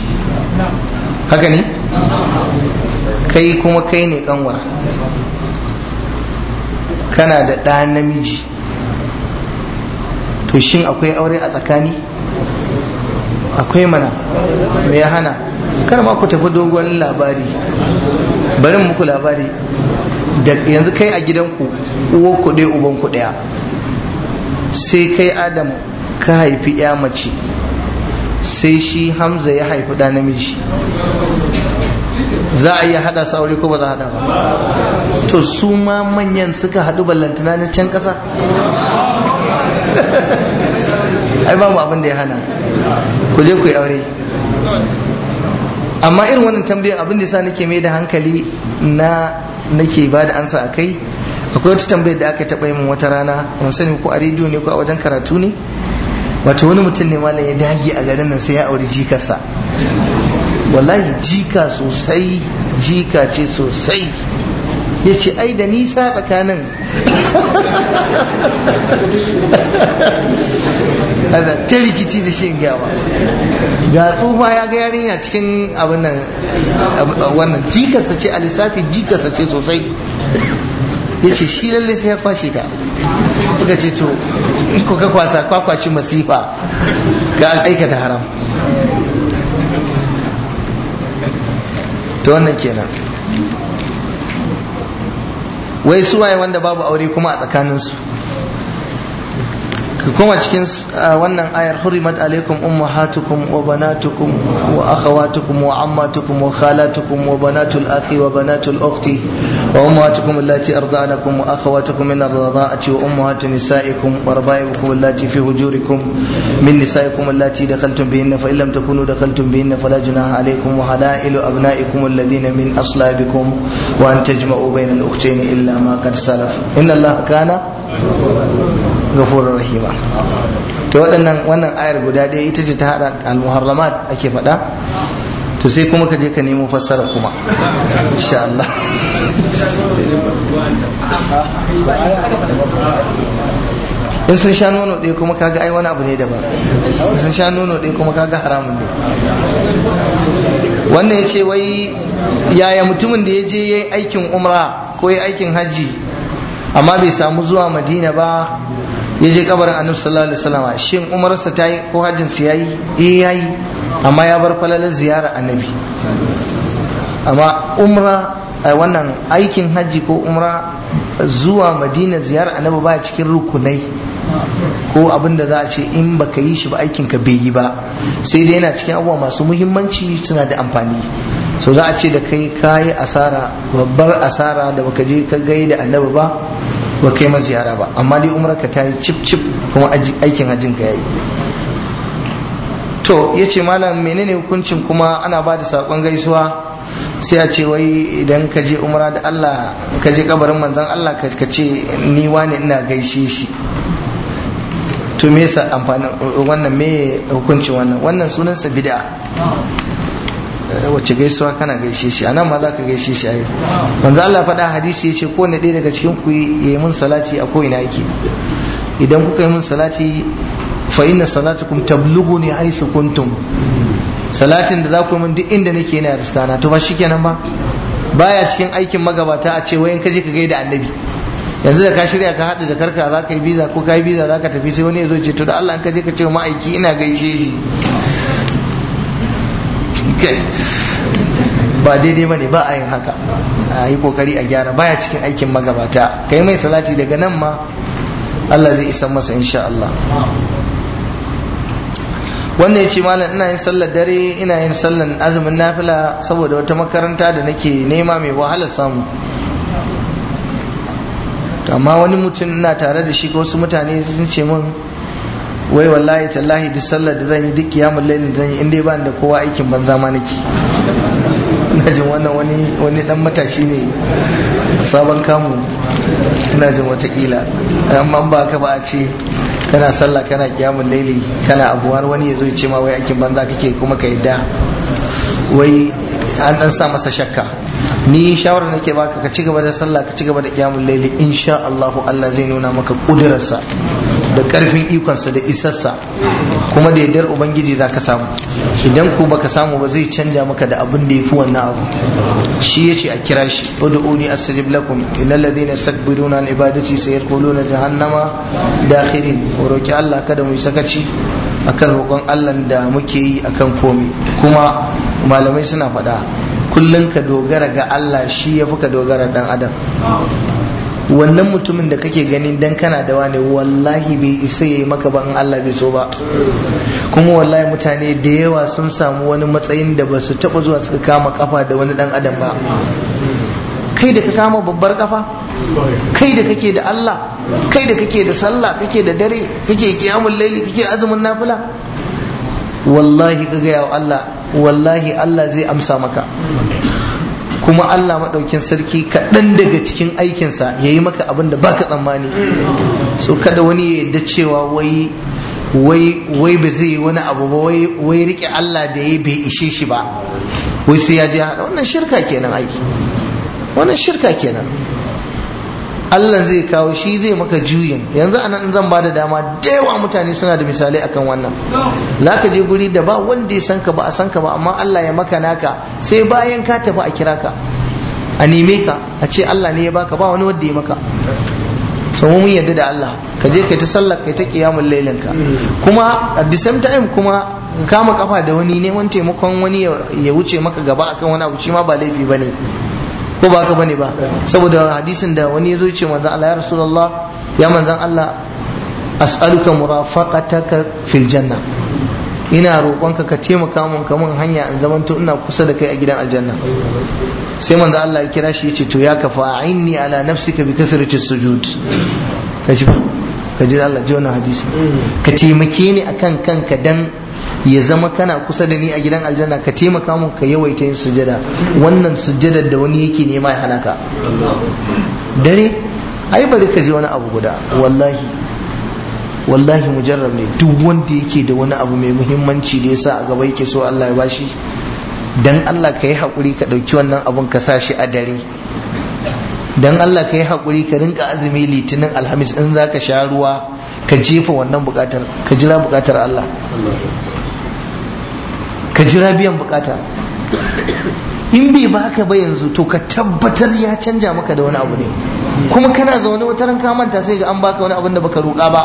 haka ne kai kuma kai ne kanwar kana da ɗa namiji to shin akwai aure a tsakani akwai mana me ya hana kar ma ku tafi dogon labari bari muku labari da yanzu kai a gidanku uwa ku ɗaya uban ku ɗaya sai kai adam ka haifi ya mace sai shi hamza ya haifi ɗa namiji za a iya hada su aure ko ba za a hada ba to su ma manyan suka hadu ballantana na can kasa ai babu abin da ya hana ku je ku yi aure amma irin wannan tambayar abin da sa nake mai da hankali na nake ba da ansa a kai akwai wata tambayar da aka taɓa min wata rana ban sani ko a rediyo ne ko a wajen karatu ne wato wani mutum ne malam ya dage a garin nan sai ya auri jikarsa wallahi jika sosai jika ce sosai ya ce ai da nisa tsakanin ana ta rikici da shi gawa ga tsufa ya ga yarinya cikin abin wannan jikarsa ce a lissafi jikarsa ce sosai ya ce shi lalle sai ya kwashe ta kuka ce to kuka kwasa kwakwaci masifa ga aikata haram to wannan kenan wai su waye wanda babu aure kuma a tsakanin su. kuma koma cikin wannan ayar hurimat alaikum ummahatukum wa banatukum wa akhawatukum wa ammatukum wa khalatukum wa banatul akhi wa banatul ukhti wa ummahatukum allati arda'anakum wa akhawatukum min ar-rida'ati wa ummahatu nisaikum wa raba'ibukum allati fi hujurikum min nisaikum allati dakhaltum bihinna fa illam takunu dakhaltum bihinna fala junaha alaikum wa halailu abna'ikum alladhina min aslabikum wa an tajma'u bayna al-ukhtayn illa ma qad salaf inna allaha kana ghafurur rahima to waɗannan wannan ayar guda ɗaya ita ce ta hada al-muharramat ake faɗa to sai kuma ka je ka nemo fassara kuma insha Allah in sun sha nono ɗaya kuma kaga ai wani abu ne daban in sun sha nono ɗaya kuma kaga haramun ne wannan ya ce wai yaya mutumin da ya je ya yi aikin umra ko ya aikin hajji amma bai samu zuwa madina ba ya je kabarin annabi sallallahu alaihi wasallam shin umarsa ta yi ko hajjin su yayi eh yayi amma ya bar falalar ziyara annabi amma umra eh, wannan aikin hajji ko umra zuwa madina ziyara annabi ba cikin rukunai ko abin da za a ce in baka yi shi ba aikin ka bai yi ba sai dai yana cikin abubuwa masu muhimmanci suna da amfani so za a ce da kai kayi asara babbar asara da baka je ka gaida annabi ba ba kai ma ziyara ba amma dai umarka ta yi cip cip kuma aikin hajjin ka yayi to ya ce malam menene hukuncin kuma ana ba da saƙon gaisuwa sai a ce wai idan ka je umra da Allah ka je kabarin manzon Allah ka ce ni wani ina gaishe shi to me yasa amfani wannan me hukuncin wannan wannan sunansa bid'a Eh, wacce gaisuwa kana gaishe shi anan ma zaka gaishe shi ayi manzo Allah faɗa hadisi yace ko ne ɗaya daga cikin ku yayi mun salati a ko ina yake idan kuka yi mun salati fa inna salatukum tablughuni haisu kuntum salatin da za ku mun duk inda nake yana riskana to ba shikenan ba baya cikin aikin magabata a ce wayan kaje ka gaida annabi yanzu da ka shirya ka haɗa jakarka za ka yi biza ko ka yi biza za ka tafi sai wani ya zo ce to da Allah ka je ka ce ma'aiki ina gaishe shi ba daidai ne ba a yin haka a yi kokari a gyara baya cikin aikin magabata kai mai salati daga nan ma Allah zai isa masa insha Allah wannan ya ce malam ina yin sallar dare ina yin sallar azumin nafila saboda wata makaranta da nake nema mai wahala samu amma wani mutum na tare da shi ko wasu mutane sun ce min wai wallahi tallahi duk sallar da zan yi duk kiyamul laili da zan yi in dai ba da kowa aikin banza ma nake ina jin wannan wani wani dan matashi ne sabon kamu ina jin watakila amma ba ka ba a ce kana sallah kana kiyamul laili kana abuwar wani ya zo ya ce ma wai aikin banza kake kuma ka yadda wai an dan sa masa shakka ni shawarar nake baka ka ci gaba da sallah ka ci gaba da kiyamul laili insha Allah Allah zai nuna maka kudirarsa da karfin ikonsa da isarsa kuma da yardar ubangiji za ka samu idan ku baka samu ba zai canja maka da abin da ya fi wannan abu shi ya ce a kira shi a astajib lakum na ibadaci sai an kolo na jahannama dakhirin ko roƙi Allah kada mu yi sakaci akan roƙon Allah da muke yi akan komi kuma malamai suna faɗa kullum ka dogara ga Allah shi ya fi ka dogara dan adam wannan mutumin da kake ganin dan kana da wani wallahi bai isa yayi maka ba in Allah bai so ba kuma wallahi mutane da yawa sun samu wani matsayin da ba su taba zuwa suka kama kafa da wani dan adam ba kai da ka kama babbar kafa kai da kake da Allah kai da kake da sallah kake da dare kake kiyamul layli kake azumin nafila wallahi ka ga Allah wallahi Allah zai amsa maka kuma Allah maɗaukin sarki kaɗan daga cikin aikinsa ya yi maka abin da baka tsammani so kada wani ya yadda cewa wai wai wai ba zai yi wani abu ba wai wai rike Allah da ya bai ishe shi ba wai sai ya je wannan shirka kenan aiki wannan shirka kenan Allah zai kawo shi zai maka juyin yanzu a nan zan bada dama da yawa mutane suna da misalai akan wannan za ka je guri da ba wanda ya san ka ba a san ka ba amma Allah ya maka naka sai bayan ka tafi a kira ka a neme ka a ce Allah ne ya baka ba wani wanda ya maka sau mun yadda da Allah ka je kai ta sallar kai ta kiyamun lailin ka kuma at the same time kuma kama kafa da wani neman taimakon wani ya wuce maka gaba akan wani abu shi ma ba laifi bane ko ba ka bane ba saboda hadisin da wani yazo ce manzon Allah ya rasulullah ya manzon Allah as'aluka murafaqataka fil janna ina roƙonka ka taimaka mun ka hanya in zamanto ina kusa da kai a gidan aljanna sai manzo Allah ya kira shi ce to ya kafa inni ala nafsika bi kasrati sujud kaji ba kaji Allah ji wannan hadisi mm. ka taimake ni akan kanka dan ya zama kana kusa da ni a gidan aljanna ka taimaka mun ka yawaita yin sujada wannan sujadar da wani yake nema ya hana ka dare ai bari ka ji wani abu guda wallahi wallahi mujarrab ne duk wanda yake da wani abu mai muhimmanci da yasa a gaba yake so Allah ya bashi dan Allah ka yi hakuri ka dauki wannan abun ka sa shi a dare dan Allah ka yi hakuri ka rinka azumi litinin alhamis in zaka sha ruwa ka jefa wannan bukatar ka jira bukatar Allah ka jira biyan bukata in bai baka ba yanzu to ka tabbatar ya canja maka da wani abu ne kuma kana zaune wata ran ka manta sai ga an baka wani abin da baka roƙa ba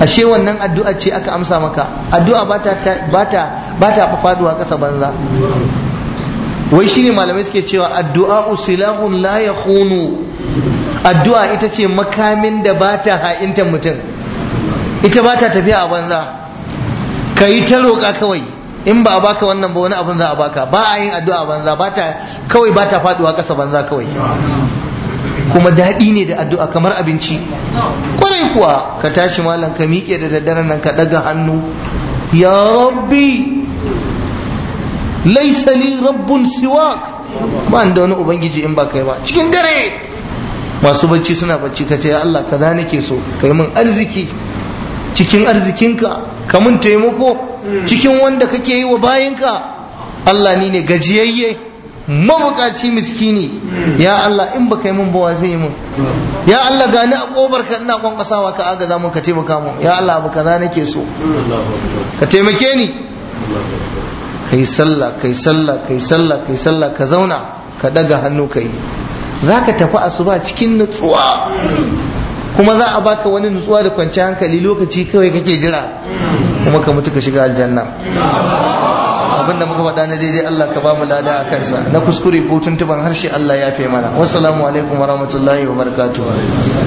ashe wannan addu'a ce aka amsa maka addu'a bata bata bata faduwa ƙasa banza wai shine malamai suke cewa addu'a usilahun la yakhunu addu'a ita ce makamin da bata ha'intan mutum ita bata tafiya a banza ka ta roƙa kawai in ba a baka wannan ba wani abin za a baka ba a yin addu'a banza ba ta kawai ba ta faduwa kasa banza kawai kuma daɗi ne da addu'a kamar abinci kwarai kuwa ka tashi malam ka miƙe da daddaren nan ka ɗaga hannu ya rabbi laisa li rabbun siwak ba da wani ubangiji in ba kai ba cikin dare masu bacci suna bacci ka ce ya Allah kaza nake so kai min arziki cikin arzikinka ka mun taimako hmm. cikin wanda kake yi wa bayinka Allah ni ne gajiyayye mabukaci miskini hmm. ya Allah in baka yi mun bawa zai mun ya Allah gani a kobar ka ina kasawa ka agaza mun ka taimaka mun ya Allah abu kaza nake so ka taimake ni kai sallah kai sallah kai sallah kai sallah ka zauna ka daga hannu kai zaka tafi asuba cikin nutsuwa hmm. kuma za a baka wani nutsuwa da kwanciyar hankali lokaci kawai kake jira kuma ka mutu ka shiga aljanna abin da muka faɗa na daidai Allah ka ba mu lada a kansa na kuskure ko tuntuban harshe Allah ya fi mana wassalamu alaikum warahmatullahi wabarakatuh